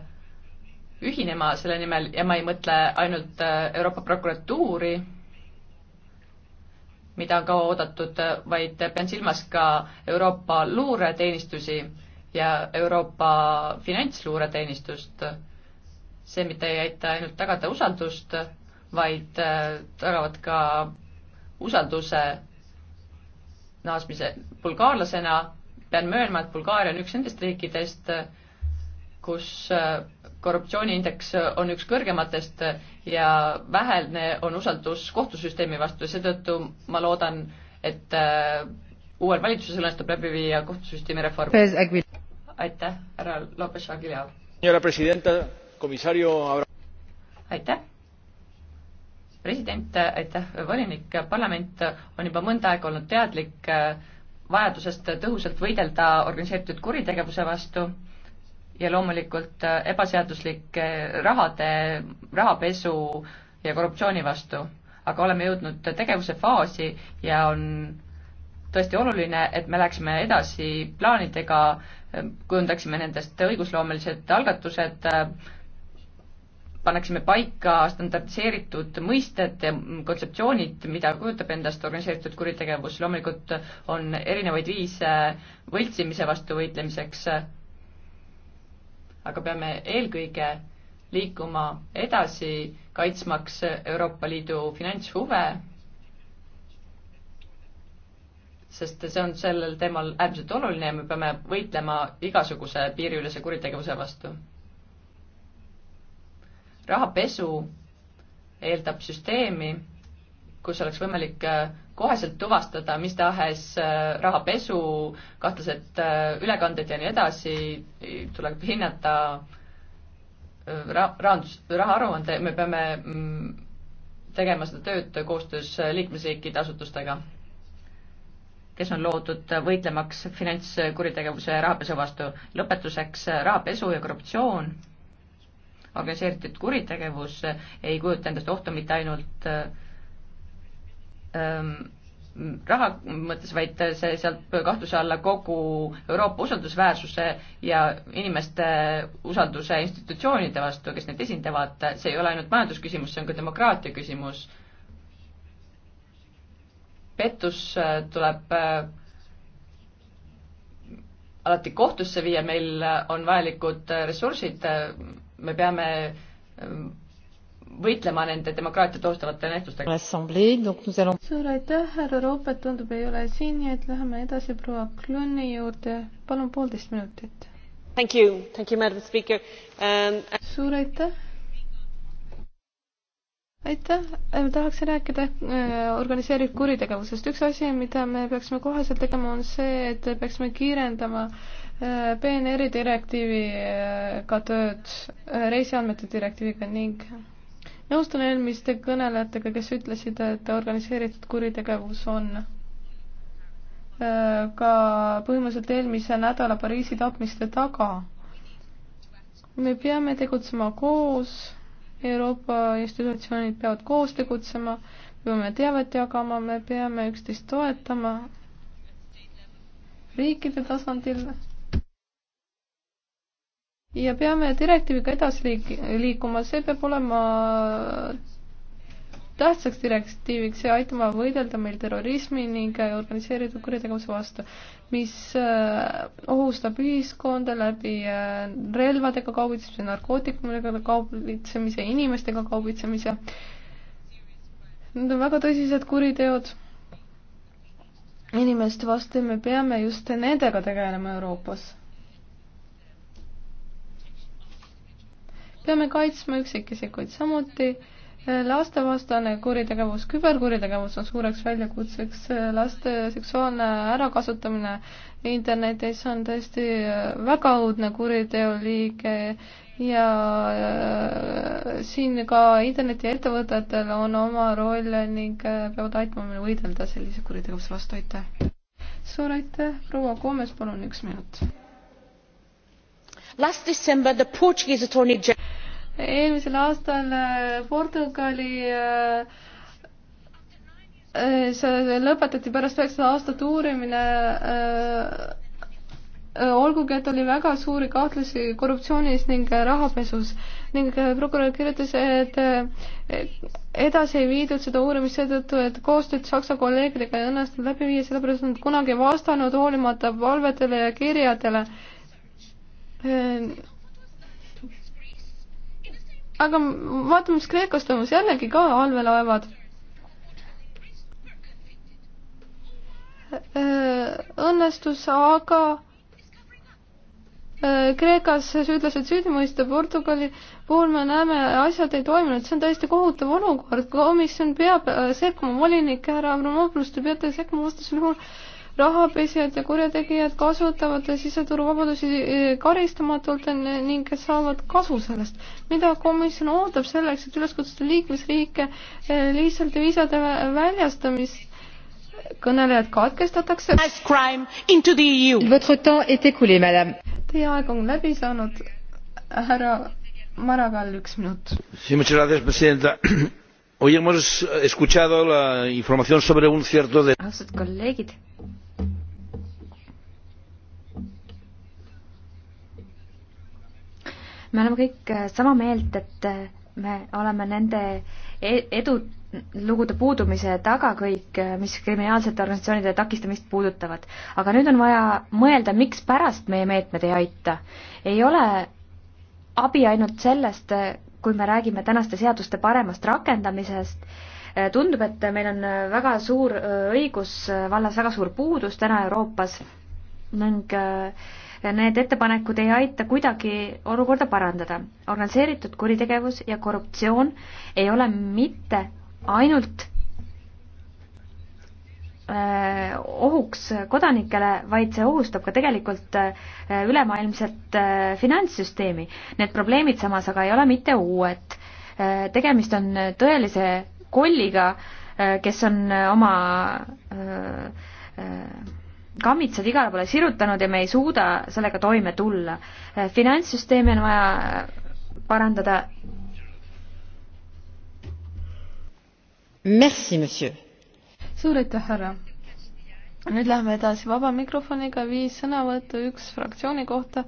ühinema selle nimel ja ma ei mõtle ainult äh, Euroopa prokuratuuri, mida on kaua oodatud, äh, vaid pean silmas ka Euroopa luureteenistusi ja Euroopa finantsluureteenistust. see mitte ei aita ainult tagada usaldust, vaid tagavad ka usalduse naasmise bulgaarlasena pean möönma, et Bulgaaria on üks nendest riikidest, kus äh, korruptsiooniindeks äh, on üks kõrgematest äh, ja vähene on usaldus kohtusüsteemi vastu ja seetõttu ma loodan, et uuel valitsusel õnnestub läbi viia kohtusüsteemi reform. aitäh, härra Lopez Aguilar. aitäh, president, aitäh, volinik, parlament on juba mõnda aega olnud teadlik äh, vajadusest tõhusalt võidelda organiseeritud kuritegevuse vastu ja loomulikult äh, ebaseaduslike rahade, rahapesu ja korruptsiooni vastu. aga oleme jõudnud tegevuse faasi ja on tõesti oluline, et me läheksime edasi plaanidega, äh, kujundaksime nendest õigusloomelised algatused äh,, pannaksime paika standardiseeritud mõisted, kontseptsioonid, mida kujutab endast organiseeritud kuritegevus, loomulikult on erinevaid viise võltsimise vastu võitlemiseks, aga peame eelkõige liikuma edasi, kaitsmaks Euroopa Liidu finantshuve, sest see on sellel teemal äärmiselt oluline ja me peame võitlema igasuguse piiriülese kuritegevuse vastu rahapesu eeldab süsteemi, kus oleks võimalik äh, koheselt tuvastada mis tahes äh, rahapesu, kahtlased äh, ülekanded ja nii edasi, tuleb hinnata ra-, rahandus, rahaaruande, me peame mm, tegema seda tööd koostöös liikmesriikide asutustega, kes on loodud võitlemaks finantskuritegevuse ja rahapesu vastu. lõpetuseks rahapesu ja korruptsioon organiseeritud kuritegevus ei kujuta endast ohtu mitte ainult ähm, raha mõttes, vaid see sealt kahtluse alla kogu Euroopa usaldusväärsuse ja inimeste usalduse institutsioonide vastu, kes neid esindavad, see ei ole ainult majandusküsimus, see on ka demokraatia küsimus. pettus äh, tuleb äh, alati kohtusse viia, meil äh, on vajalikud ressursid me peame ähm, võitlema nende demokraatiat ohustavate nähtustega. suur aitäh, härra Roopet, tundub, ei ole siin, nii et läheme edasi proua Klunni juurde, palun poolteist minutit. Um... suur aitäh aitäh, äh, tahaks rääkida äh, organiseeritud kuritegevusest. üks asi, mida me peaksime koheselt tegema, on see, et peaksime kiirendama äh, PNR-i direktiiviga tööd, reisiandmete direktiiviga ning nõustun eelmiste kõnelejatega, kes ütlesid, et organiseeritud kuritegevus on äh, ka põhimõtteliselt eelmise nädala Pariisi tapmiste taga. me peame tegutsema koos, Euroopa institutsioonid peavad koos tegutsema, me peame teavet jagama, me peame üksteist toetama riikide tasandil ja peame direktiiviga edasi liik-, liikuma, see peab olema tähtsaks direktiiviks ja aitama võidelda meil terrorismi ning organiseeritud kuritegevuse vastu, mis äh, ohustab ühiskonda läbi äh, relvadega kaubitsemise, narkootikumidega kaubitsemise, inimestega kaubitsemise. Need on väga tõsised kuriteod inimeste vastu ja me peame just nendega tegelema Euroopas peame kaitsma üksikisikuid, samuti eh, lastevastane kuritegevus, küberkuritegevus on suureks väljakutseks, eh, laste seksuaalne ärakasutamine internetis on tõesti eh, väga õudne kuriteoliige ja siin ka internetiettevõtetel on oma roll ning peavad aitama meil võidelda sellise kuritegevuse vastu, aitäh! suur aitäh, proua Koomes, palun üks minut! last december the portuguese attorney eelmisel aastal äh, Portugali äh, äh, see lõpetati pärast üheksa aastat uurimine olgugi, et oli väga suuri kahtlusi korruptsioonis ning rahapesus ning prokurör kirjutas, et edasi ei viidud seda uurimist seetõttu, et koostööd Saksa kolleegidega ei õnnestunud läbi viia, sellepärast nad kunagi ei vastanud hoolimata palvetele ja kirjadele Ähm, aga vaatame, mis Kreekas toimus, jällegi ka allveelaevad. Äh, õnnestus, aga äh, Kreekas süüdlased süüdi mõista, Portugali puhul me näeme, asjad ei toiminud, see on täiesti kohutav olukord, komisjon peab äh, sekkuma, volinik härra Avramopoulos, te peate sekkuma vastasel juhul rahapesijad ja kurjategijad kasutavad siseturuvabadusi eh, karistamatult ning kes saavad kasu sellest. mida komisjon ootab selleks, et üles kutsuda liikmesriike eh, lihtsalt viisade väljastamist? kõnelejad katkestatakse. E Votre temps est écoulé, madame. Teie aeg on läbi saanud, härra Maragall, üks minut. Hoy hemos escuchado la información sobre un cierto de... Austatud kolleegid, me oleme kõik äh, sama meelt, et äh, me oleme nende e-, edulugude puudumise taga kõik, äh, mis kriminaalsete organisatsioonide takistamist puudutavad. aga nüüd on vaja mõelda, mikspärast meie meetmed ei aita. ei ole abi ainult sellest, kui me räägime tänaste seaduste paremast rakendamisest, tundub, et meil on väga suur õigus vallas, väga suur puudus täna Euroopas ning äh, Need ettepanekud ei aita kuidagi olukorda parandada. organiseeritud kuritegevus ja korruptsioon ei ole mitte ainult äh, ohuks kodanikele, vaid see ohustab ka tegelikult äh, ülemaailmset äh, finantssüsteemi. Need probleemid samas aga ei ole mitte uued. tegemist on tõelise kolliga, kes on oma kammitsad igale poole sirutanud ja me ei suuda sellega toime tulla. finantssüsteemi on vaja parandada. Merci, monsieur. suur aitäh, härra. nüüd läheme edasi vaba mikrofoniga, viis sõnavõttu, üks fraktsiooni kohta.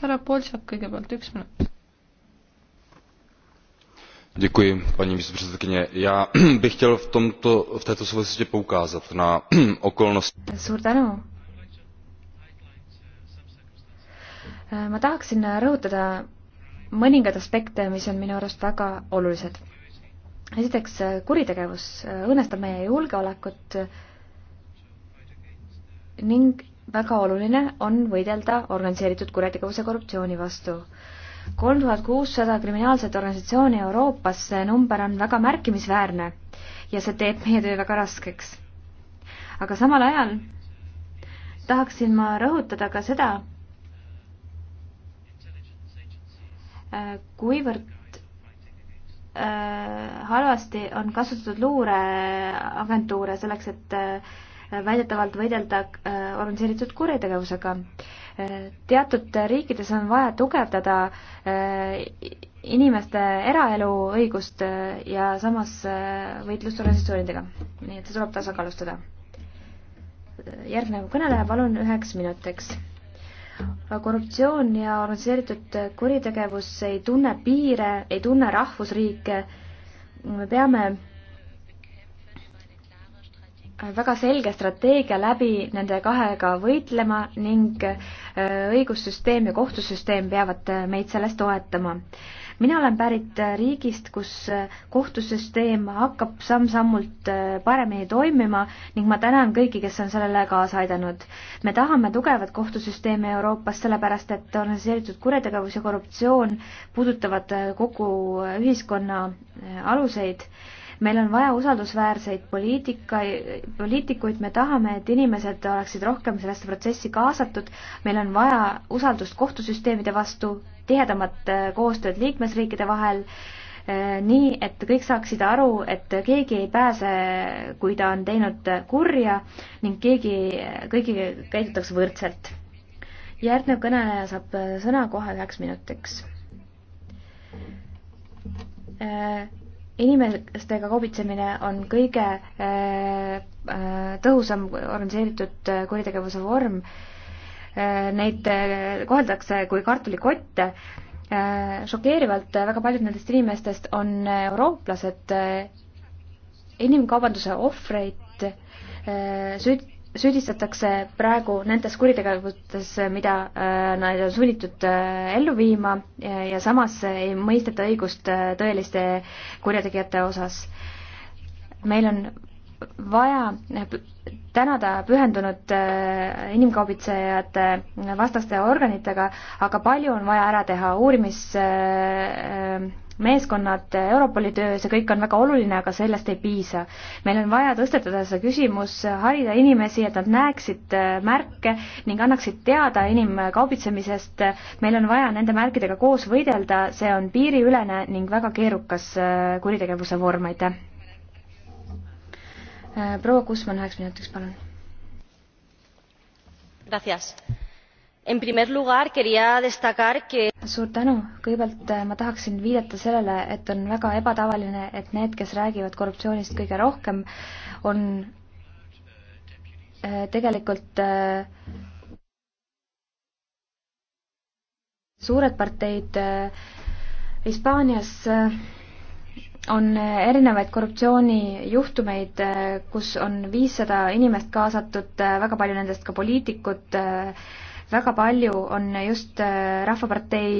härra Poltsak kõigepealt, üks minut paní předsedající já bych chtěl v této souvislosti poukázat na okolnosti. Eh, ma tahaksin rõhutada mõningaid aspekte, mis on minu arust väga olulised. esiteks, kuritegevus õõnestab meie julgeolekut ning väga oluline on võidelda organiseeritud kuritegevuse korruptsiooni vastu kolm tuhat kuussada kriminaalset organisatsiooni Euroopas, see number on väga märkimisväärne ja see teeb meie töö väga raskeks. aga samal ajal tahaksin ma rõhutada ka seda, äh, kuivõrd äh, halvasti on kasutatud luureagentuure selleks, et äh, väidetavalt võidelda äh, organiseeritud kuritegevusega. Äh, teatud riikides on vaja tugevdada äh, inimeste eraelu õigust ja samas võitlust organisatsioonidega. nii et see tuleb tasakaalustada. järgnev kõneleja, palun üheks minutiks korruptsioon ja organiseeritud kuritegevus ei tunne piire, ei tunne rahvusriike. me peame Äh, väga selge strateegia läbi nende kahega võitlema ning äh, õigussüsteem ja kohtusüsteem peavad äh, meid selles toetama. mina olen pärit riigist, kus kohtusüsteem hakkab samm-sammult paremini toimima ning ma tänan kõiki, kes on sellele kaasa aidanud. me tahame tugevat kohtusüsteemi Euroopas, sellepärast et organiseeritud kuritegevus ja korruptsioon puudutavad kogu ühiskonna aluseid meil on vaja usaldusväärseid poliitika, poliitikuid, me tahame, et inimesed oleksid rohkem sellesse protsessi kaasatud, meil on vaja usaldust kohtusüsteemide vastu, tihedamat äh, koostööd liikmesriikide vahel, äh, nii et kõik saaksid aru, et keegi ei pääse, kui ta on teinud kurja ning keegi, kõigiga käidutakse võrdselt. järgnev kõneleja saab sõna kohe üheks minutiks äh, inimestega kaubitsemine on kõige äh, äh, tõhusam organiseeritud äh, kuritegevuse vorm. Neid koheldakse kui kartulikotte. šokeerivalt väga paljud nendest inimestest on eurooplased, inimkaubanduse ohvreid, süüd-, süüdistatakse praegu nendes kuritegevustes, mida äh, nad on sunnitud äh, ellu viima ja samas ei mõisteta õigust äh, tõeliste kurjategijate osas. meil on vaja tänada pühendunud äh, inimkaubitsejate vastaste organitega, aga palju on vaja ära teha, uurimismeeskonnad, äh, Europoli töö, see kõik on väga oluline, aga sellest ei piisa. meil on vaja tõstetada see küsimus, harida inimesi, et nad näeksid äh, märke ning annaksid teada inimkaubitsemisest, meil on vaja nende märkidega koos võidelda, see on piiriülene ning väga keerukas kuritegevuse vorm, aitäh! Äh, proua Kusman üheks minutiks, palun. Que... suur tänu, kõigepealt äh, ma tahaksin viidata sellele, et on väga ebatavaline, et need, kes räägivad korruptsioonist kõige rohkem, on äh, tegelikult suured parteid Hispaanias äh, on erinevaid korruptsioonijuhtumeid, kus on viissada inimest kaasatud, väga palju nendest ka poliitikud, väga palju on just Rahvapartei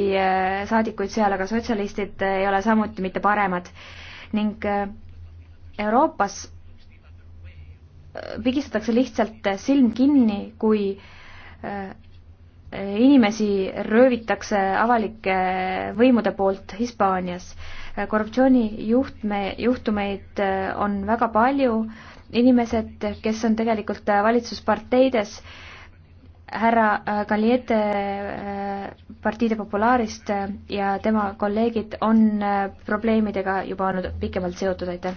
saadikuid seal, aga sotsialistid ei ole samuti mitte paremad. ning Euroopas pigistatakse lihtsalt silm kinni, kui inimesi röövitakse avalike võimude poolt Hispaanias korruptsioonijuhtme, juhtumeid äh, on väga palju, inimesed, kes on tegelikult äh, valitsusparteides, härra äh, Galiete Partiide Populaarist ja tema kolleegid on probleemidega juba olnud pikemalt seotud, aitäh!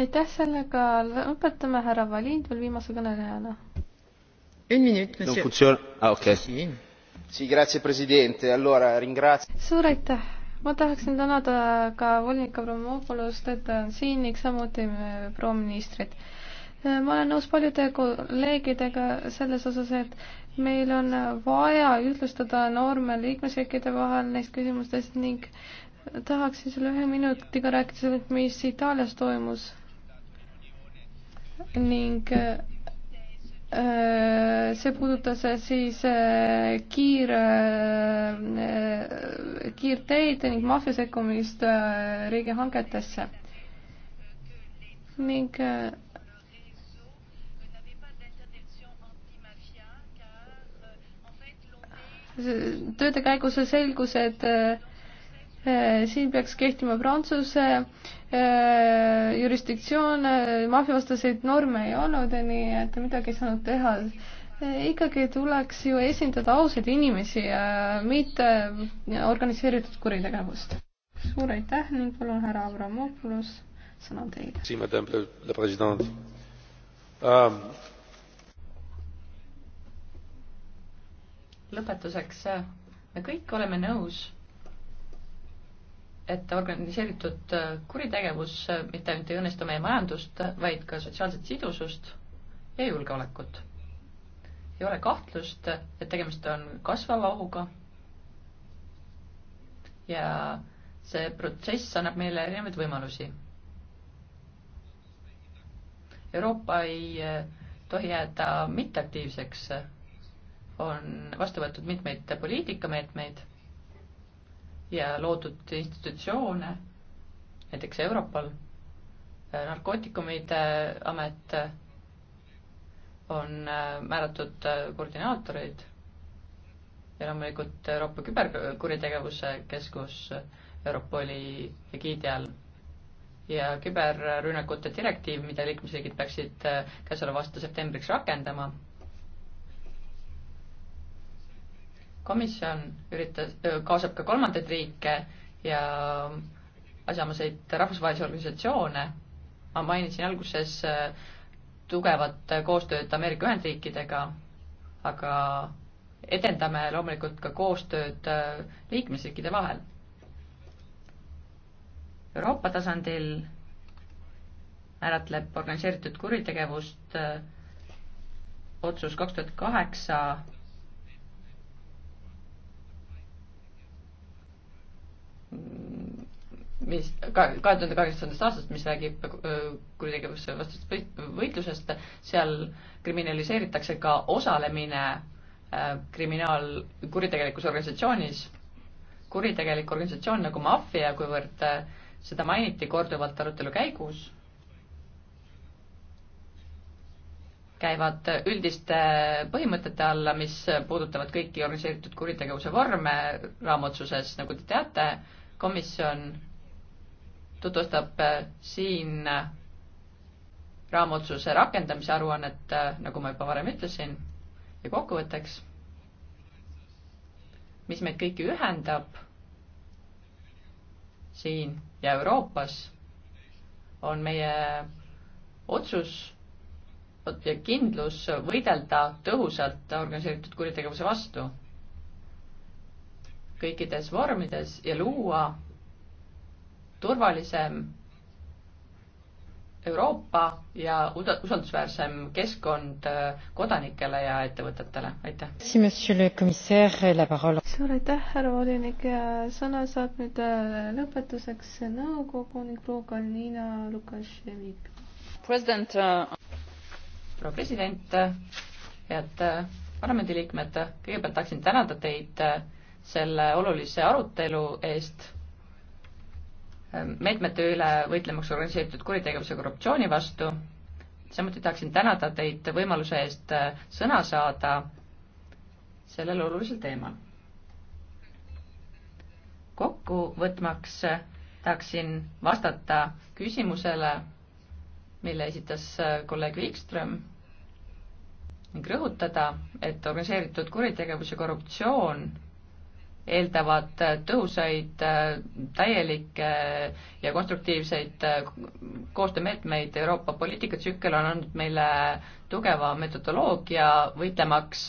aitäh, sellega lõpetame, härra Valin veel viimase kõnelejana. üks minut, monsieur. Ah, suur aitäh! ma tahaksin tänada ka volinik Avramopoulost, et ta on siin ning samuti proua ministrit. ma olen nõus paljude kolleegidega selles osas, et meil on vaja ühtlustada norme liikmesriikide vahel neis küsimustes ning tahaksin selle ühe minutiga rääkida sellest, mis Itaalias toimus ning Äh, see puudutas äh, siis äh, kiir, kiirteid ning maffia sekkumist riigihangetesse ning tööde käigus selgus, et siin peaks kehtima Prantsuse Äh, jurisdiktsioon, äh, maffiavastaseid norme ei olnud, nii et midagi ei saanud teha. Äh, ikkagi tuleks ju esindada ausaid inimesi ja mitte organiseeritud kuritegevust. suur aitäh ning palun, härra Avramopoulos, sõna on teil. Ähm. lõpetuseks, me kõik oleme nõus et organiseeritud äh, kuritegevus äh, mitte ainult ei õnnestu meie majandust, vaid ka sotsiaalset sidusust ja julgeolekut. ei ole kahtlust, et tegemist on kasvava ohuga ja see protsess annab meile erinevaid võimalusi. Euroopa ei äh, tohi jääda mitteaktiivseks, on vastu võetud mitmeid poliitikameetmeid ja loodud institutsioone, näiteks Europol, äh, narkootikumide amet äh, on äh, määratud koordinaatorid ja loomulikult Euroopa Küberkuritegevuse Keskus Europoli egiidi all ja küberrünnakute direktiiv, mida liikmesriigid peaksid käesoleva aasta septembriks rakendama komisjon üritas, kaasab ka kolmandaid riike ja asjaomaseid rahvusvahelisi organisatsioone, ma mainisin alguses tugevat koostööd Ameerika Ühendriikidega, aga edendame loomulikult ka koostööd liikmesriikide vahel. Euroopa tasandil määratleb organiseeritud kuritegevust otsus kaks tuhat kaheksa mis ka kahe tuhande kaheksandast aastast, mis räägib äh, kuritegevuse vastasest võitlusest, seal kriminaliseeritakse ka osalemine äh, kriminaal, kuritegelikus organisatsioonis. kuritegelik organisatsioon nagu maffia, kuivõrd äh, seda mainiti korduvalt arutelu käigus käivad üldiste põhimõtete alla, mis puudutavad kõiki organiseeritud kuritegevuse vorme raamotsuses, nagu te teate, komisjon tutvustab äh, siin äh, raamotsuse rakendamise aruannet, äh, nagu ma juba varem ütlesin, ja kokkuvõtteks, mis meid kõiki ühendab siin ja Euroopas, on meie otsus ja kindlus võidelda tõhusalt organiseeritud kuritegevuse vastu kõikides vormides ja luua turvalisem Euroopa ja usaldusväärsem keskkond äh, kodanikele ja ettevõtetele, aitäh. suur aitäh, härra volinik ja sõna saab nüüd äh, lõpetuseks nõukogu ning proua Kalnina Lukaševik. president uh proua president, head äh, parlamendiliikmed, kõigepealt tahaksin tänada teid äh, selle olulise arutelu eest äh, meetmete üle võitlemaks organiseeritud kuritegevuse ja korruptsiooni vastu. samuti tahaksin tänada teid võimaluse eest sõna saada sellel olulisel teemal. kokku võtmaks tahaksin vastata küsimusele mille esitas äh, kolleeg Wikström ning rõhutada, et organiseeritud kuritegevus ja korruptsioon eeldavad äh, tõhusaid, äh, täielikke ja konstruktiivseid koostöömeetmeid, Euroopa poliitikatsükkel on andnud meile tugeva metodoloogia võitlemaks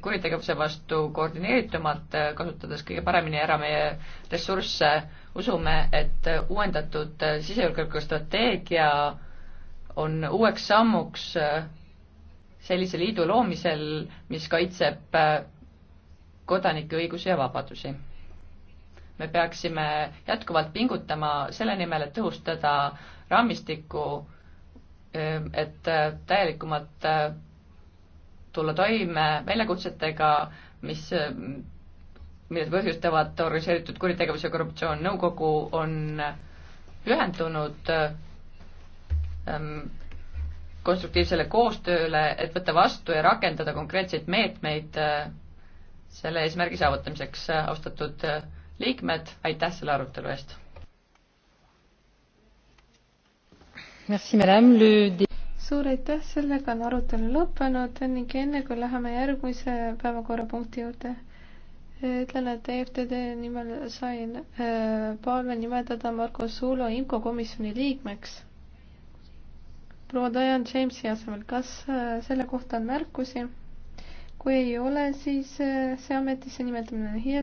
kuritegevuse vastu koordineeritumalt, kasutades kõige paremini ära meie ressursse usume, et uuendatud sisejulgeoleku strateegia on uueks sammuks sellise liidu loomisel, mis kaitseb kodanike õigusi ja vabadusi. me peaksime jätkuvalt pingutama selle nimel, et tõhustada raamistikku, et täielikumalt tulla toime väljakutsetega, mis mida põhjustavad organiseeritud kuritegevus ja korruptsioon. nõukogu on pühendunud ähm, konstruktiivsele koostööle, et võtta vastu ja rakendada konkreetseid meetmeid äh, selle eesmärgi saavutamiseks. austatud äh, liikmed, aitäh selle arutelu eest! suur aitäh, sellega on arutelu lõppenud ning enne kui läheme järgmise päevakorrapunkti juurde, ütlen, et EFTD nimel sain äh, palve nimetada Marko Suulo IMCO komisjoni liikmeks. proua Diane Jamesi asemel, kas äh, selle kohta on märkusi? kui ei ole, siis äh, see ametisse nimetamine on hea.